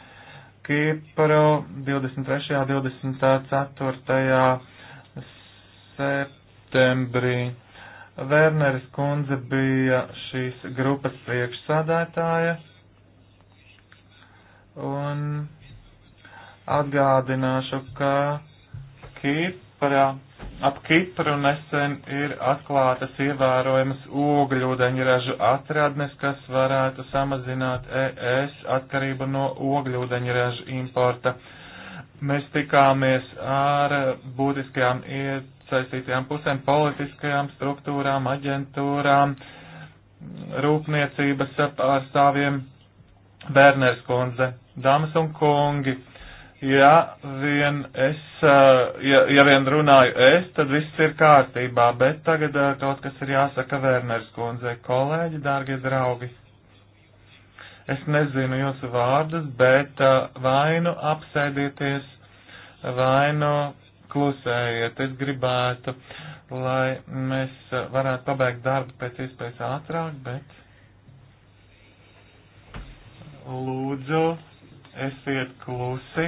Kipru 23. un 24. septembrī. Werneris kundze bija šīs grupas priekšsādātāja un atgādināšu, ka Kipra Ap Kipru nesen ir atklātas ievērojamas ogļūdeņražu atradnes, kas varētu samazināt ES atkarību no ogļūdeņražu importa. Mēs tikāmies ar būtiskajām iesaistītajām pusēm, politiskajām struktūrām, aģentūrām, rūpniecības pārstāvjiem, Berners kundze, dāmas un kungi Ja vien es, eh, ja, ja vien runāju es, tad viss ir kārtībā, bet tagad eh, kaut kas ir jāsaka Vērners kundzei. Kolēģi, dārgie draugi, es nezinu jūsu vārdus, bet eh, vainu apsēdieties, vainu klusējiet. Es gribētu, lai mēs varētu pabeigt darbu pēc iespējas ātrāk, bet lūdzu esiet klusi,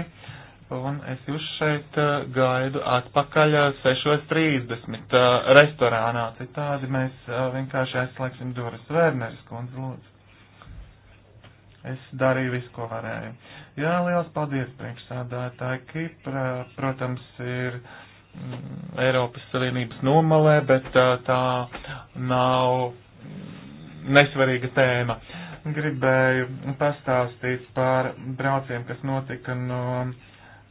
un es jūs šeit eh, gaidu atpakaļ 6.30 eh, eh, restorānā. Citādi mēs vienkārši aizslēgsim durvis. Vērneris, kundze, lūdzu. Es darīju visu, ko varēju. Jā, liels paldies priekšsādātāji. Kipra, protams, ir. Mm, Eiropas Savienības nomalē, bet tā, tā nav nesvarīga tēma. Gribēju pastāstīt par braucienu, kas notika no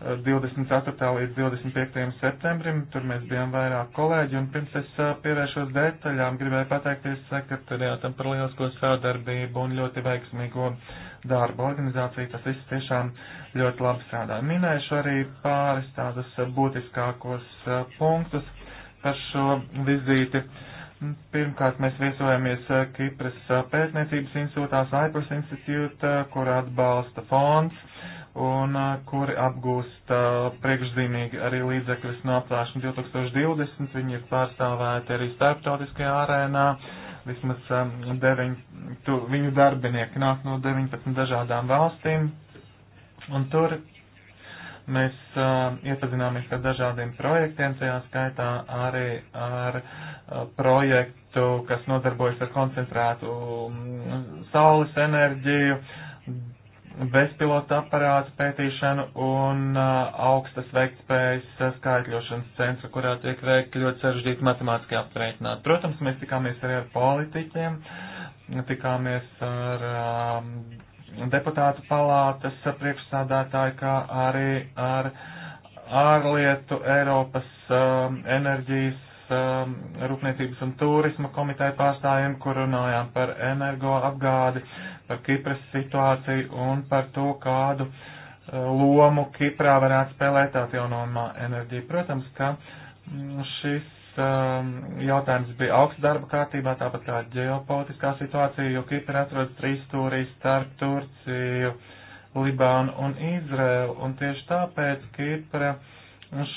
24. Eh, līdz 25. septembrim. Tur mēs bijām vairāk kolēģi, un pirms es eh, pievēršos detaļām, gribēju pateikties sekretariātam par lielisko sadarbību un ļoti veiksmīgo darbu organizāciju. Tas viss tiešām ļoti labi strādā. Minēšu arī pāris tādus eh, būtiskākos punktus par šo vizīti. Uh, Pirmkārt, mēs viesojamies eh, Kipras eh, pētniecības institūtā Cyprus Institute, eh, kur atbalsta fonds un kuri apgūst priekšzīmīgi arī līdzekļus no aptvēršana 2020. Viņi ir pārstāvēti arī starptautiskajā arēnā. Vismaz deviņ, tu, viņu darbinieki nāk no 19 dažādām valstīm. Un tur Mēs uh, iepazināmies ar dažādiem projektiem, tajā skaitā arī ar uh, projektu, kas nodarbojas ar koncentrētu saules enerģiju, bezpilota aparātu pētīšanu un uh, augstas veiktspējas skaitļošanas centru, kurā tiek veikti ļoti sarežģīti matemātiski aprēķināti. Protams, mēs tikāmies arī ar politiķiem, tikāmies ar. Uh, deputātu palātas priekšsādātāju, kā arī ar ārlietu Eiropas um, enerģijas um, rūpniecības un turisma komiteja pārstājiem, kur runājām par energo apgādi, par Kipras situāciju un par to, kādu uh, lomu Kiprā varētu spēlēt atjaunojumā enerģija. Protams, ka mm, šis um, jautājums bija augsts darba kārtībā, tāpat kā ģeopolitiskā situācija, jo Kipra atrodas trīs stūrī starp Turciju, Libānu un Izraelu, un tieši tāpēc Kipra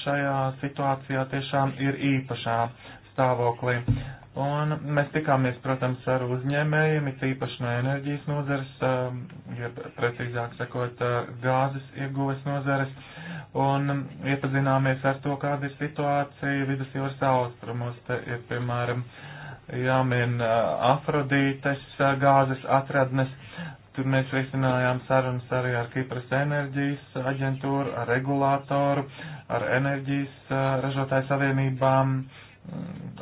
šajā situācijā tiešām ir īpašā stāvoklī. Un mēs tikāmies, protams, ar uzņēmējiem, it īpaši no enerģijas nozares, um, ja precīzāk sakot, uh, gāzes ieguves nozares, un um, iepazināmies ar to, kāda ir situācija vidus jūras austrumos. Te ir, piemēram, jāmin uh, Afrodītes uh, gāzes atradnes, tur mēs risinājām sarunas arī ar Kipras enerģijas aģentūru, ar regulātoru, ar enerģijas ražotāju savienībām. Uh,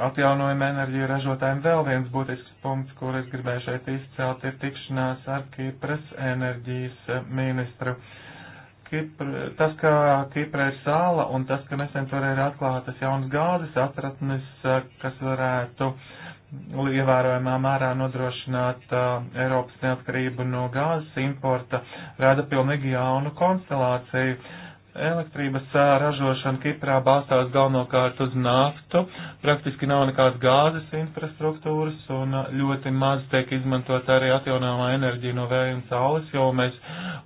atjaunojuma enerģiju ražotājiem vēl viens būtisks punkts, kur es gribēju šeit izcelt, ir tikšanās ar Kipras enerģijas eh, ministru. Kipra, tas, ka Kipra ir sāla un tas, ka nesen tur ir atklātas jaunas gāzes atratnes, eh, kas varētu ievērojamā mērā nodrošināt uh, Eiropas neatkarību no gāzes importa, rada pilnīgi jaunu konstelāciju. Uh, Elektrības ražošana Kiprā balstās galvenokārt uz naftu, praktiski nav nekādas gāzes infrastruktūras un ļoti maz tiek izmantot arī atjaunāmā enerģija no vēja un saules, jo mēs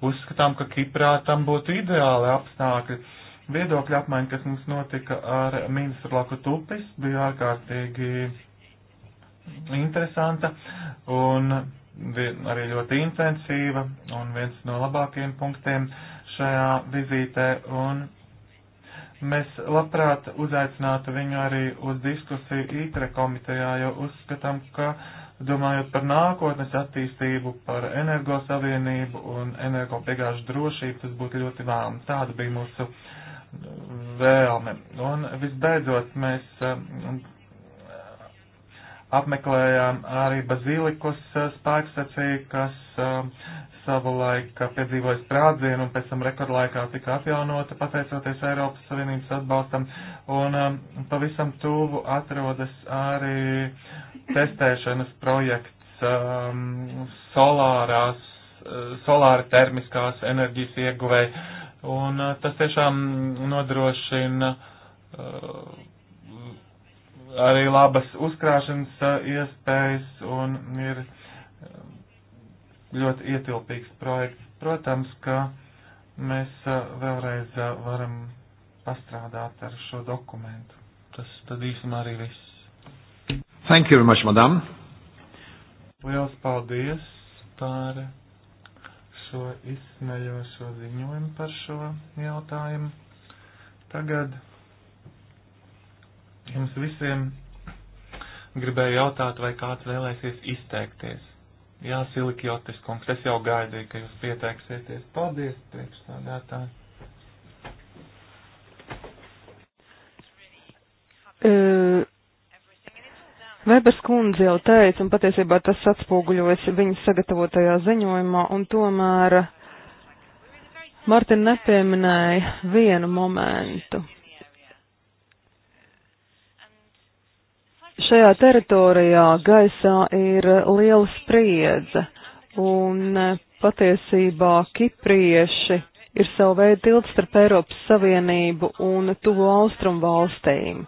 uzskatām, ka Kiprā tam būtu ideāli apstākļi. Viedokļa apmaiņa, kas mums notika ar ministru Laku Tupis, bija ārkārtīgi interesanta un arī ļoti intensīva un viens no labākajiem punktiem. Uh, šajā vizītē, un mēs labprāt uzaicinātu viņu arī uz diskusiju ITRE komitejā, jo uzskatām, ka domājot par nākotnes attīstību, par energosavienību un energopiegāžu drošību, tas būtu ļoti vēlams. Tāda bija mūsu vēlme. Un visbeidzot, mēs um, apmeklējām arī Bazilikus uh, spēkstaciju, kas um, savu laiku piedzīvoja sprādzienu un pēc tam rekordlaikā tika atjaunota, pateicoties Eiropas Savienības atbalstam. Un um, pavisam tuvu atrodas arī testēšanas projekts um, solārās, uh, solāra termiskās enerģijas ieguvēja. Un uh, tas tiešām nodrošina. Uh, arī labas uzkrāšanas uh, iespējas un ir uh, ļoti ietilpīgs projekts. Protams, ka mēs vēlreiz varam pastrādāt ar šo dokumentu. Tas tad īsumā arī viss. Thank you very much, madam. Liels paldies par šo izsmeļošo ziņojumu par šo jautājumu. Tagad jums visiem gribēju jautāt, vai kāds vēlēsies izteikties. Jā, Silikjotis kungs, es jau gaidīju, ka jūs pieteiksieties. Paldies, priekšstādātāji. Uh, Vebers kundze jau teica, un patiesībā tas atspoguļojas viņas sagatavotajā ziņojumā, un tomēr Martina nepieminēja vienu momentu. Šajā teritorijā gaisā ir liela spriedze, un e, patiesībā kiprieši ir savu veidu tilts starp Eiropas Savienību un tuvo austrumu valstīm.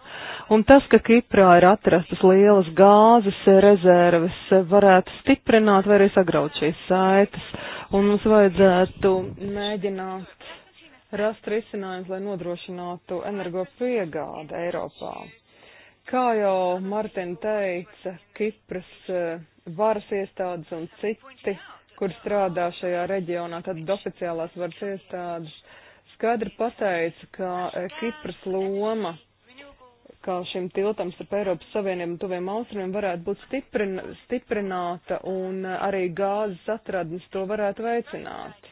Un tas, ka Kiprā ir atrastas lielas gāzes rezerves, varētu stiprināt vai arī sagraut šīs saites, un mums vajadzētu mēģināt rast risinājums, lai nodrošinātu energo piegādi Eiropā. Kā jau Martin teica, Kipras eh, varas iestādes un citi, kur strādā šajā reģionā, tad oficiālās varas iestādes, skaidri pateica, ka eh, Kipras loma kā šim tiltam starp Eiropas Savienību un tuviem austrumiem varētu būt stiprin, stiprināta un eh, arī gāzes atradnes to varētu veicināt.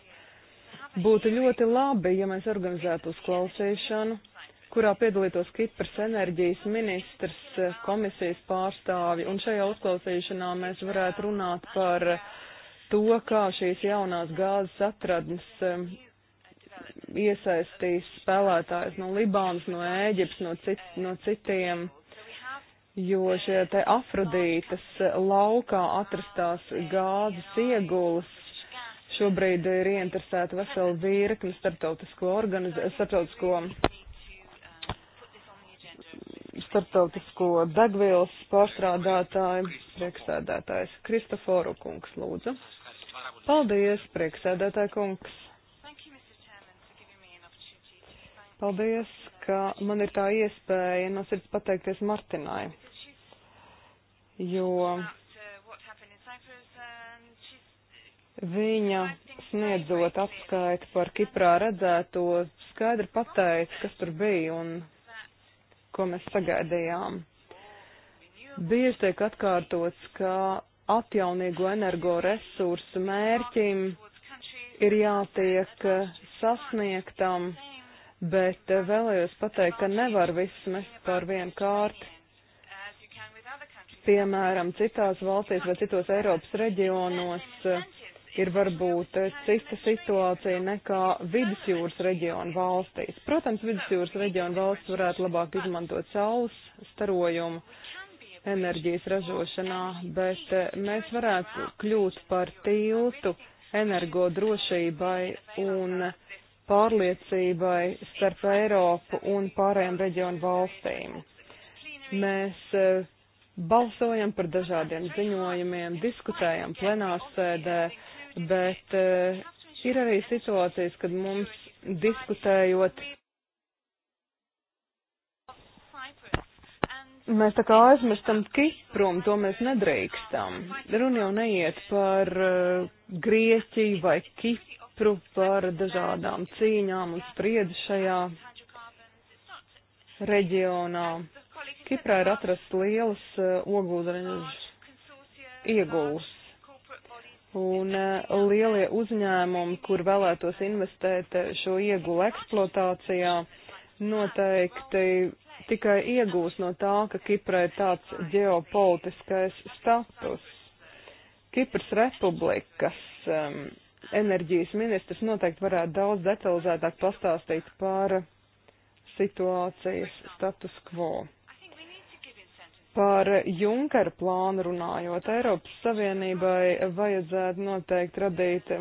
Būtu ļoti labi, ja mēs organizētu uzklausīšanu, kurā piedalītos Kipras enerģijas ministrs, eh, komisijas pārstāvi, un šajā uzklausīšanā mēs varētu runāt par to, kā šīs jaunās gāzes atradnes eh, iesaistīs spēlētājs no Libānas, no Ēģips, no, cit, no citiem, jo šie te Afrodītas eh, laukā atrastās gāzes iegulas šobrīd ir ieinteresēta vesela virkne starptautisko, organiz... starptautisko starptautisko degvielas pārstrādātāju priekšsēdētājs Kristoforu kungs lūdzu. Paldies, priekšsēdētāja kungs. Paldies, ka man ir tā iespēja no sirds pateikties Martinai, jo viņa sniedzot apskaiti par Kiprā redzēto skaidri pateica, kas tur bija un ko mēs sagaidījām. Bieži tiek atkārtots, ka atjaunīgo energoresursu mērķim ir jātiek sasniegtam, bet vēlējos pateikt, ka nevar viss mest par vienu kārti. Piemēram, citās valstīs vai citos Eiropas reģionos uh, ir varbūt cita situācija nekā vidusjūras reģiona valstīs. Protams, vidusjūras reģiona valsts varētu labāk izmantot saules starojumu enerģijas ražošanā, bet eh, mēs varētu kļūt par tiltu energo drošībai un pārliecībai starp Eiropu un pārējām reģionu valstīm. Mēs eh, balsojam par dažādiem ziņojumiem, diskutējam plenārsēdē, bet uh, ir arī situācijas, kad mums diskutējot. Mēs tā kā aizmirstam Kipru, un to mēs nedrīkstam. Runa jau neiet par uh, Grieķiju vai Kipru, par dažādām cīņām un spriedzi šajā reģionā. Kiprā ir atrasts lielas uh, eh, ogūdeņu ieguls Un eh, lielie uzņēmumi, kur vēlētos investēt eh, šo iegulu eksploatācijā, noteikti tikai iegūs no tā, ka Kiprai ir tāds ģeopolitiskais status. Kipras republikas um, enerģijas ministrs noteikti varētu daudz detalizētāk pastāstīt par situācijas status quo. Par Junkera plānu runājot, Eiropas Savienībai vajadzētu noteikti radīt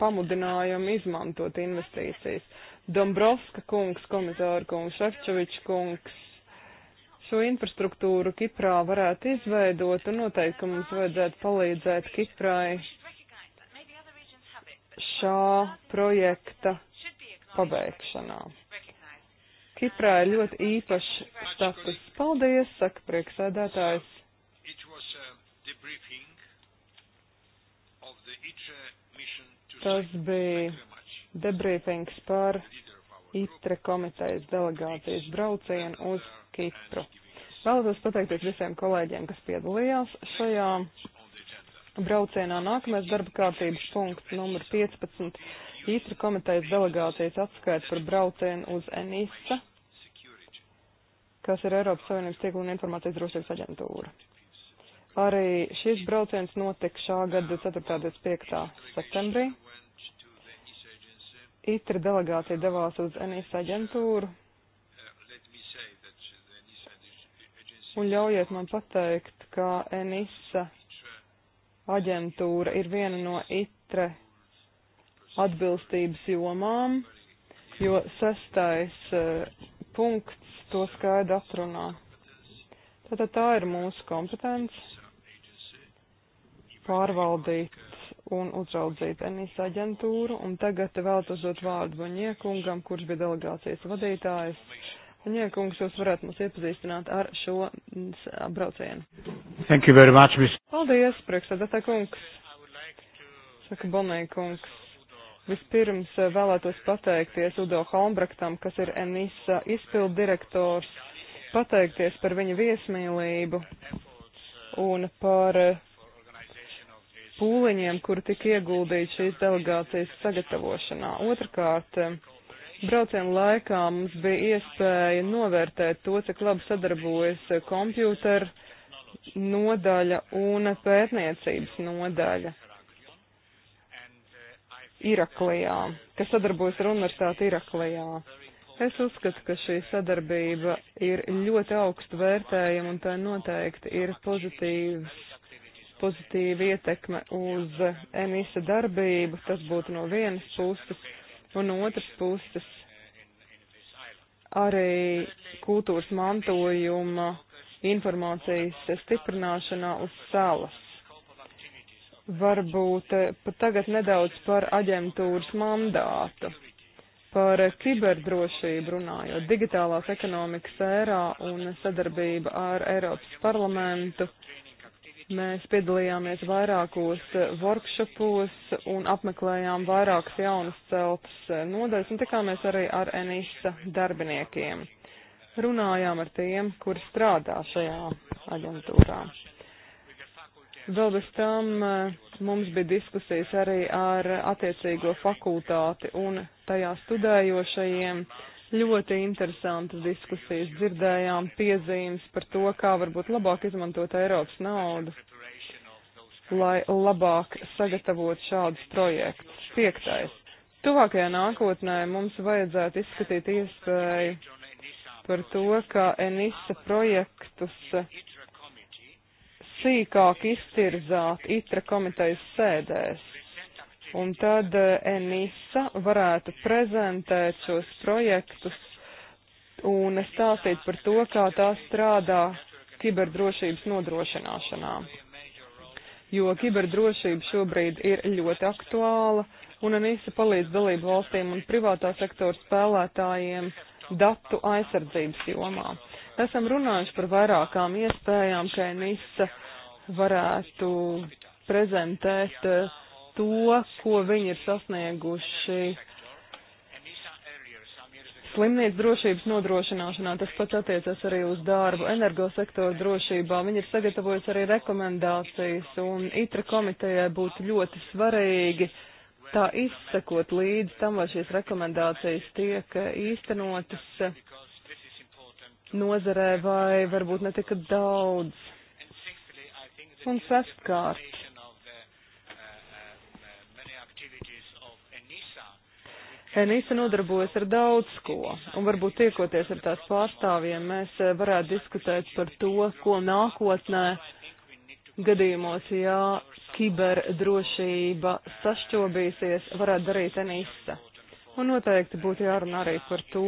pamudinājumu izmantot investīcijas. Dombrovska kungs, komisāra kungs, Šefčovičs kungs šo infrastruktūru Kiprā varētu izveidot un noteikti, ka mums vajadzētu palīdzēt Kiprai šā projekta pabeigšanā. Kiprā ir ļoti īpašs status. Paldies, saka prieksēdētājs. Tas bija debriefings par ITRE komitejas delegācijas braucienu uz Kipru. Vēlētos pateikties visiem kolēģiem, kas piedalījās šajā braucienā. Nākamais darba kārtības punkts numur 15. ITRE komitejas delegācijas atskaita par braucienu uz Enisa kas ir Eiropas Savienības tīkla un informācijas drošības aģentūra. Arī šis brauciens notika šā gada 4.25. septembrī. ITRA delegācija devās uz NIS aģentūru. Un ļaujiet man pateikt, ka NISA aģentūra ir viena no ITRE atbilstības jomām, jo sastais eh, punkts to skaidri atrunā. Tātad tā ir mūsu kompetence pārvaldīt un uzraudzīt NIS aģentūru, un tagad vēlēt uzdot vārdu Vaņiekungam, kurš bija delegācijas vadītājs. Vaņiekungs, jūs varētu mums iepazīstināt ar šo braucienu. Thank you very much, Miss. Paldies, priekšsēdētā kungs. Saka Bonēja kungs. Vispirms eh, vēlētos pateikties Udo Hombraktam, kas ir Enisa izpildu direktors, pateikties par viņa viesmīlību un par eh, pūliņiem, kuri tika ieguldīti šīs delegācijas sagatavošanā. Otrakārt, eh, brauciena laikā mums bija iespēja novērtēt to, cik labi sadarbojas kompjūter nodaļa un pētniecības nodaļa Iraklijā, kas sadarbojas ar universitāti Iraklijā. Es uzskatu, ka šī sadarbība ir ļoti augstu vērtējama un tā noteikti ir pozitīvs, pozitīva ietekme uz Enisa darbību. Tas būtu no vienas puses un no otras puses arī kultūras mantojuma informācijas stiprināšanā uz salas. Varbūt eh, pat tagad nedaudz par aģentūras mandātu, par kiberdrošību runājot, digitālās ekonomikas ērā un sadarbība ar Eiropas parlamentu. Mēs piedalījāmies vairākos eh, workshopos un apmeklējām vairākas jaunas celtas eh, nodaļas un tikāmies arī ar Enisa darbiniekiem. Runājām ar tiem, kuri strādā šajā aģentūrā. Vēl bez tam eh, mums bija diskusijas arī ar attiecīgo fakultāti un tajā studējošajiem. Ļoti interesantas diskusijas dzirdējām piezīmes par to, kā varbūt labāk izmantot Eiropas naudu, lai labāk sagatavot šādus projektus. Piektais. Tuvākajā nākotnē mums vajadzētu izskatīt iespēju par to, ka Enisa projektus sīkāk izcirzāt itra komitejas sēdēs. Un tad eh, Enisa varētu prezentēt šos projektus un stāstīt par to, kā tā strādā kiberdrošības nodrošināšanā. Jo kiberdrošība šobrīd ir ļoti aktuāla, un Enisa palīdz dalību valstīm un privātā sektora spēlētājiem datu aizsardzības jomā. Esam runājuši par vairākām iespējām, ka Enisa uh, varētu prezentēt eh, to, ko viņi ir sasnieguši slimnīcu drošības nodrošināšanā, tas pats attiecas arī uz darbu, energosektoru drošībā. Viņi ir sagatavojusi arī rekomendācijas, un ITRA komitejai būtu ļoti svarīgi tā izsekot līdz tam, vai šīs rekomendācijas tiek eh, īstenotas nozarē vai varbūt netika daudz Un sestkārt. Enisa nodarbojas ar daudz ko, un varbūt tiekoties ar tās pārstāvjiem, mēs eh, varētu diskutēt par to, ko nākotnē gadījumos, ja kiberdrošība sašķobīsies, varētu darīt Enisa. Un noteikti būtu jārunā arī par to,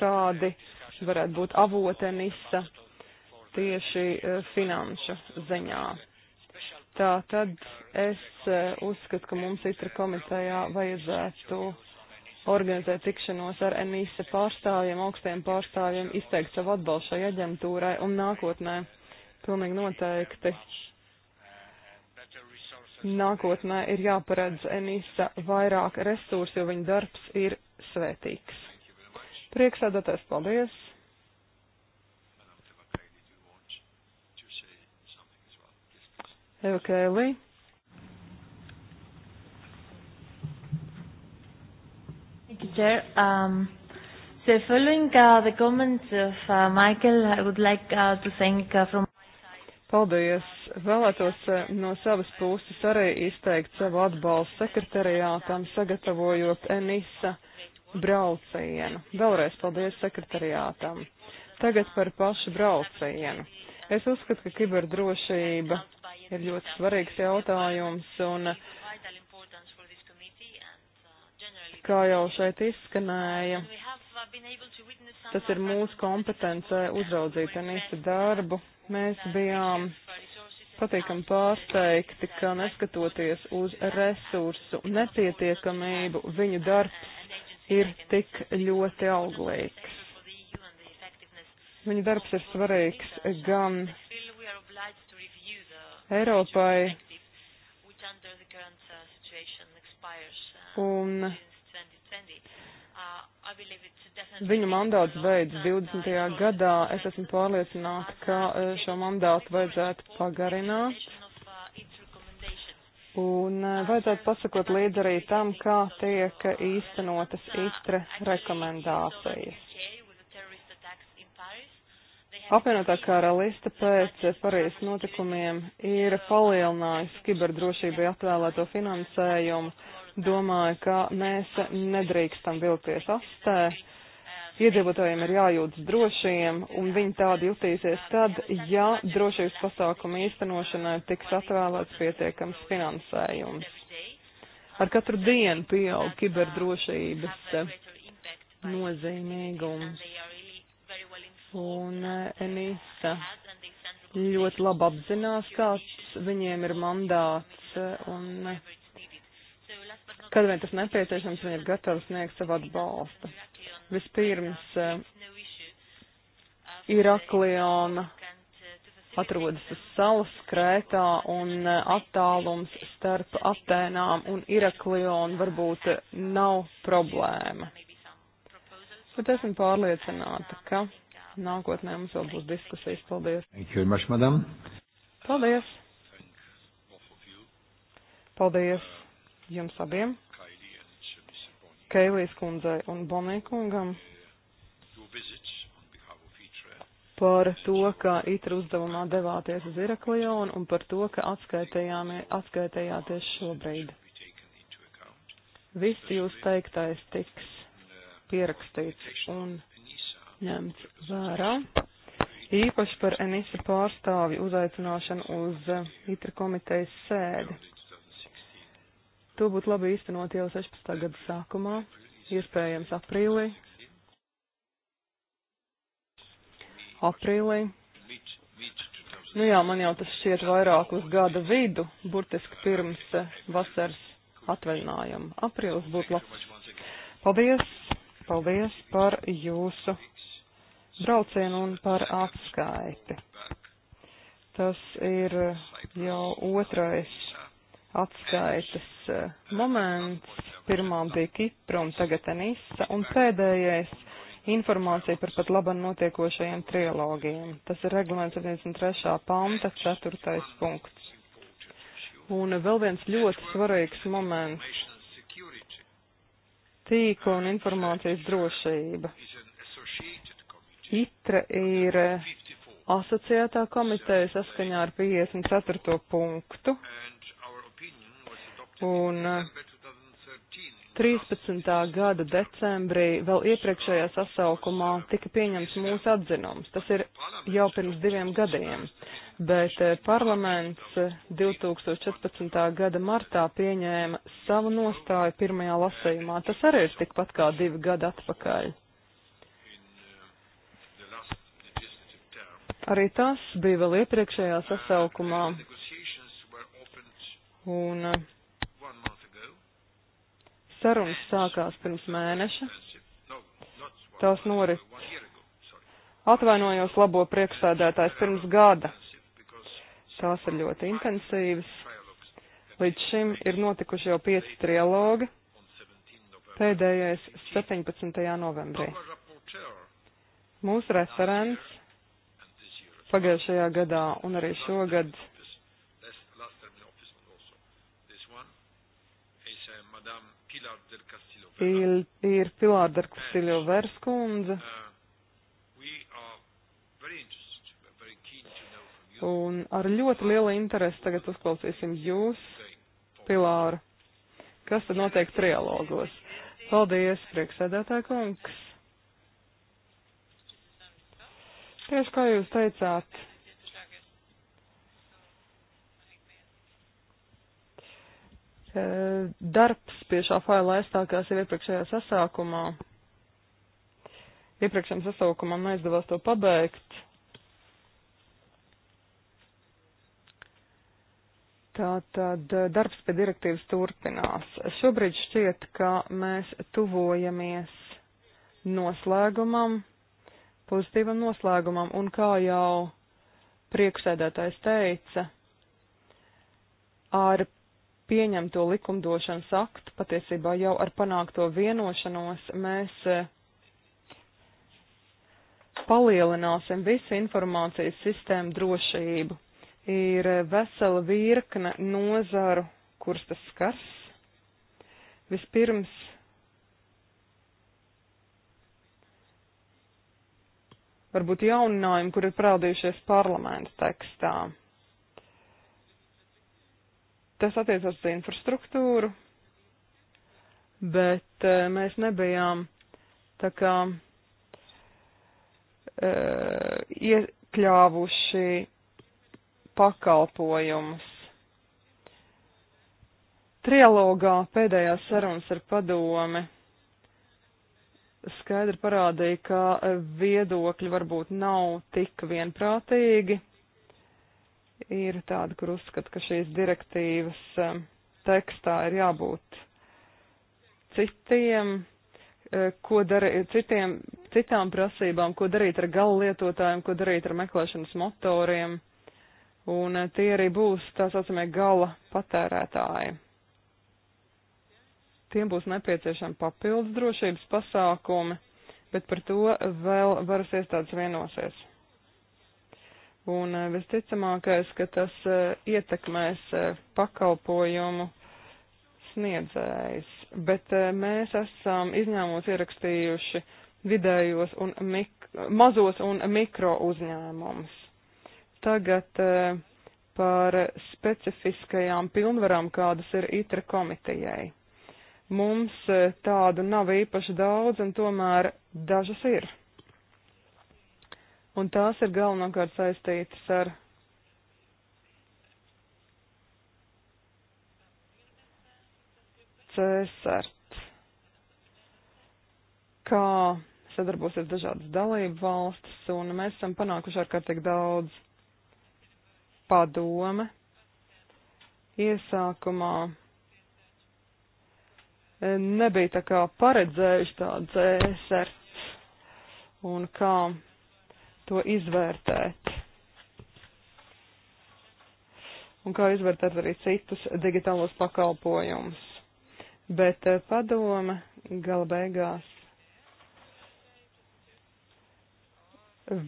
kādi varētu būt avoti Enisa tieši e, finanšu ziņā. Tā tad es e, uzskatu, ka mums itra komitejā vajadzētu organizēt tikšanos ar NISA pārstāvjiem, augstiem pārstāvjiem, izteikt savu atbalstu šai aģentūrai un nākotnē pilnīgi noteikti. Nākotnē ir jāparedz NISA vairāk resursu, jo viņa darbs ir svētīgs. Prieksēdātais, paldies! Eva Kēlī. Chair, um, so following uh, the comments of uh, Michael, I would like uh, to thank uh, from Paldies! Vēlētos uh, no savas puses arī izteikt savu atbalstu sekretariātam, sagatavojot Enisa braucienu. Vēlreiz paldies sekretariātam. Tagad par pašu braucienu. Es uzskatu, ka kiberdrošība ir ļoti svarīgs jautājums, un kā jau šeit izskanēja, tas ir mūsu kompetencē uzraudzīt Anīsta darbu. Mēs bijām patīkam pārsteigti, ka neskatoties uz resursu nepietiekamību, viņu darbs ir tik ļoti auglīgs. Viņa darbs ir svarīgs gan Eiropai. Un Viņu mandāts beidz 20. gadā. Es esmu pārliecināta, ka e, šo mandātu vajadzētu pagarināt. Un e, vajadzētu pasakot līdz arī tam, kā tiek īstenotas ITRE rekomendācijas. Apvienotā karaliste pēc Parīzes notikumiem ir palielinājusi kiberdrošībai atvēlēto finansējumu. Domāju, ka mēs nedrīkstam vilties astē. Iedzīvotājiem ir jājūtas drošiem, un viņi tādi jutīsies tad, ja drošības pasākumu īstenošanai tiks atvēlēts pietiekams finansējums. Ar katru dienu pieaug kiberdrošības nozīmīgums un Enisa eh, ļoti labi apzinās, kāds viņiem ir mandāts, eh, un kad vien tas nepieciešams, viņi ir gatavi sniegt savu atbalstu. Vispirms, eh, Irakliona atrodas uz salas Krētā un attālums starp Atēnām un Iraklionu varbūt nav problēma. Bet esmu pārliecināta, ka nākotnē mums vēl būs diskusijas. Paldies! Thank you very much, madam! Paldies! Paldies jums abiem! Keilijas kundzei un Bonī kungam par to, ka itra uzdevumā devāties uz Iraklionu un par to, ka atskaitējāties šobrīd. Viss jūs teiktais tiks pierakstīts un ņemts vērā. Īpaši par Enisa pārstāvi uzaicināšanu uz eh, ITRA komitejas sēdi. To būtu labi īstenot jau 16. gada sākumā, iespējams aprīlī. Aprīlī. Nu jā, man jau tas šķiet vairāk uz gada vidu, burtiski pirms eh, vasaras atvaļinājuma. Aprīlis būtu labs. Paldies, paldies par jūsu braucienu un par atskaiti. Tas ir jau otrais atskaites eh, moments. Pirmām bija Kipra un tagad Enisa, un pēdējais informācija par pat labam notiekošajiem trilogiem. Tas ir regulējums 73. panta 4. punkts. Un vēl viens ļoti svarīgs moments - tīko un informācijas drošība. ITRA ir asociētā komiteja saskaņā ar 54. punktu. Un 13. Uh, gada decembrī vēl iepriekšējā sasaukumā tika pieņemts mūsu atzinums. Tas ir jau pirms diviem gadiem, bet uh, parlaments 2014. Uh, gada martā pieņēma savu nostāju pirmajā lasījumā. Tas arī ir tikpat kā divi gadi atpakaļ. Arī tas bija vēl iepriekšējā sasaukumā. Un eh, sarunas sākās pirms mēneša. Tās norit. Atvainojos labo priekšsēdētājs pirms gada. Tās ir ļoti intensīvas. Līdz šim ir notikuši jau pieci trialogi, pēdējais 17. novembrī. Mūsu referents pagājušajā gadā un arī šogad. Il, ir Pilāra Darkastiljo Verskundze. Un ar ļoti lielu interesi tagad uzklausīsim jūs, Pilāra. Kas tad notiek trialogos? Paldies, prieksēdētāja kungs. Tieši kā jūs teicāt. E, darbs pie šā faila aizstākās jau iepriekšējā sasākumā. Iepriekšējam sasaukumam neizdevās to pabeigt. Tātad e, darbs pie direktīvas turpinās. Šobrīd šķiet, ka mēs tuvojamies noslēgumam pozitīvam noslēgumam, un kā jau priekšsēdētājs teica, ar pieņemto likumdošanas aktu, patiesībā jau ar panākto vienošanos, mēs eh, palielināsim visu informācijas sistēmu drošību. Ir eh, vesela virkne nozaru, kuras tas skars. Vispirms varbūt jauninājumi, kur ir parādījušies parlamenta tekstā. Tas attiecas uz infrastruktūru, bet eh, mēs nebijām tā kā e, iekļāvuši pakalpojumus. Trialogā pēdējās sarunas ar padomi skaidri parādīja, ka viedokļi varbūt nav tik vienprātīgi. Ir tāda, kur uzskata, ka šīs direktīvas eh, tekstā ir jābūt citiem, eh, ko darīt, citiem, citām prasībām, ko darīt ar galu lietotājiem, ko darīt ar meklēšanas motoriem, un eh, tie arī būs tā saucamie gala patērētāji tiem būs nepieciešami papildus drošības pasākumi, bet par to vēl varas iestādes vienosies. Un eh, visticamākais, ka tas eh, ietekmēs eh, pakalpojumu sniedzējs, bet mēs esam izņēmumos ierakstījuši vidējos un mik mazos un mikro uzņēmumus. Tagad par specifiskajām pilnvarām, kādas ir ITRA komitejai. Mums e, tādu nav īpaši daudz, un tomēr dažas ir. Un tās ir galvenokārt saistītas ar CSRT, kā sadarbosies dažādas dalību valstis, un mēs esam panākuši ārkārtīgi daudz padome iesākumā nebija tā kā paredzējuši tādu ESR un kā to izvērtēt. Un kā izvērtēt arī citus digitālos pakalpojumus. Bet eh, padome gala beigās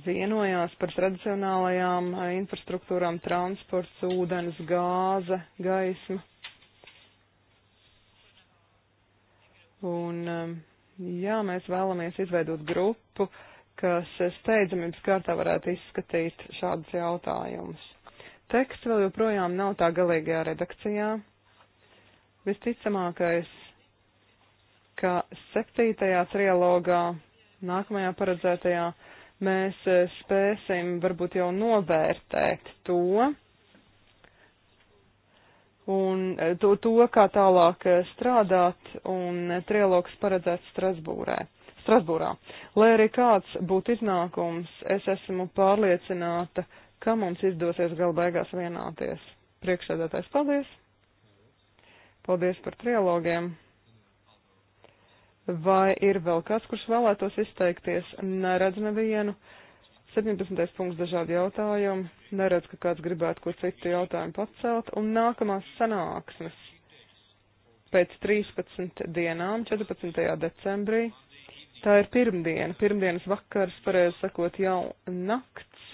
vienojās par tradicionālajām eh, infrastruktūrām - transports, ūdens, gāze, gaisma. Un, um, jā, mēs vēlamies izveidot grupu, kas steidzamības kārtā varētu izskatīt šādus jautājumus. Teksts vēl joprojām nav tā galīgajā redakcijā. Visticamākais, ka septītajā trialogā, nākamajā paredzētajā, mēs spēsim varbūt jau novērtēt to, un e, to, to kā tālāk e, strādāt, un e, trialogs paredzēts Strasbūrē. Strasbūrā. Lai arī kāds būtu iznākums, es esmu pārliecināta, ka mums izdosies gal beigās vienāties. Priekšsēdētājs, paldies! Paldies par trialogiem! Vai ir vēl kāds, kurš vēlētos izteikties? Neredz nevienu. 17. punkts dažādi jautājumi, neredz, ka kāds gribētu ko citu jautājumu pacelt, un nākamās sanāksmes pēc 13 dienām, 14. decembrī, tā ir pirmdiena, pirmdienas vakars, pareizi sakot, jau nakts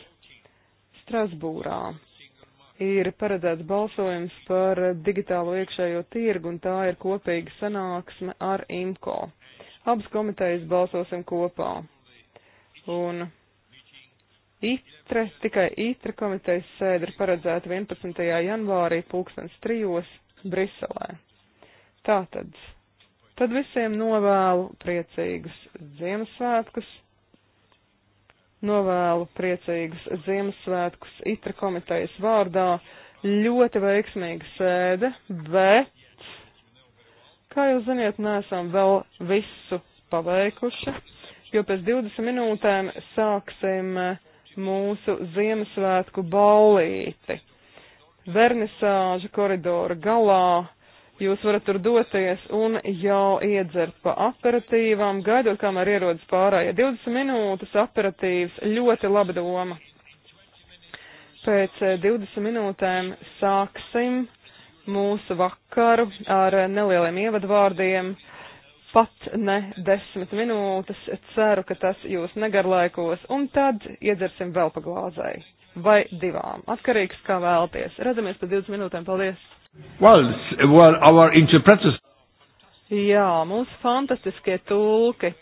Strasbūrā. Ir paredzēts balsojums par digitālo iekšējo tirgu, un tā ir kopīga sanāksme ar IMCO. Abas komitejas balsosim kopā. Un ITRE, tikai ITRE komitejas sēde ir paredzēta 11. janvārī pulkstens trijos Briselē. Tātad, tad visiem novēlu priecīgus Ziemassvētkus, novēlu priecīgus Ziemassvētkus ITRE komitejas vārdā, ļoti veiksmīga sēde, bet, kā jūs ziniet, nesam vēl visu paveikuši, jo pēc 20 minūtēm sāksim uh, mūsu Ziemassvētku ballīti. Vernisāža koridora galā jūs varat tur doties un jau iedzert pa aperatīvām, gaidot, kamēr ierodas pārējie. 20 minūtes aperatīvs, ļoti laba doma. Pēc 20 eh, minūtēm sāksim mūsu vakaru ar nelieliem ievadvārdiem pat ne desmit minūtes. Ceru, ka tas jūs negarlaikos, un tad iedzersim vēl pa glāzai vai divām. Atkarīgs, kā vēlties. Redzamies pēc 20 minūtēm. Paldies! Well, well, our interpreters. Jā, mūsu fantastiskie tulki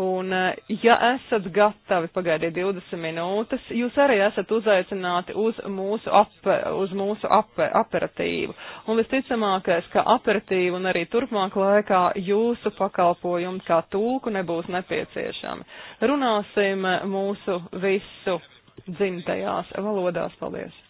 Un, eh, ja esat gatavi pagaidiet 20 minūtes, jūs arī esat uzaicināti uz mūsu, ap, uz mūsu ap, aperatīvu. Un visticamākais, ka aperatīvu un arī turpmāk laikā jūsu pakalpojumi kā tūku nebūs nepieciešami. Runāsim mūsu visu dzimtajās valodās. Paldies!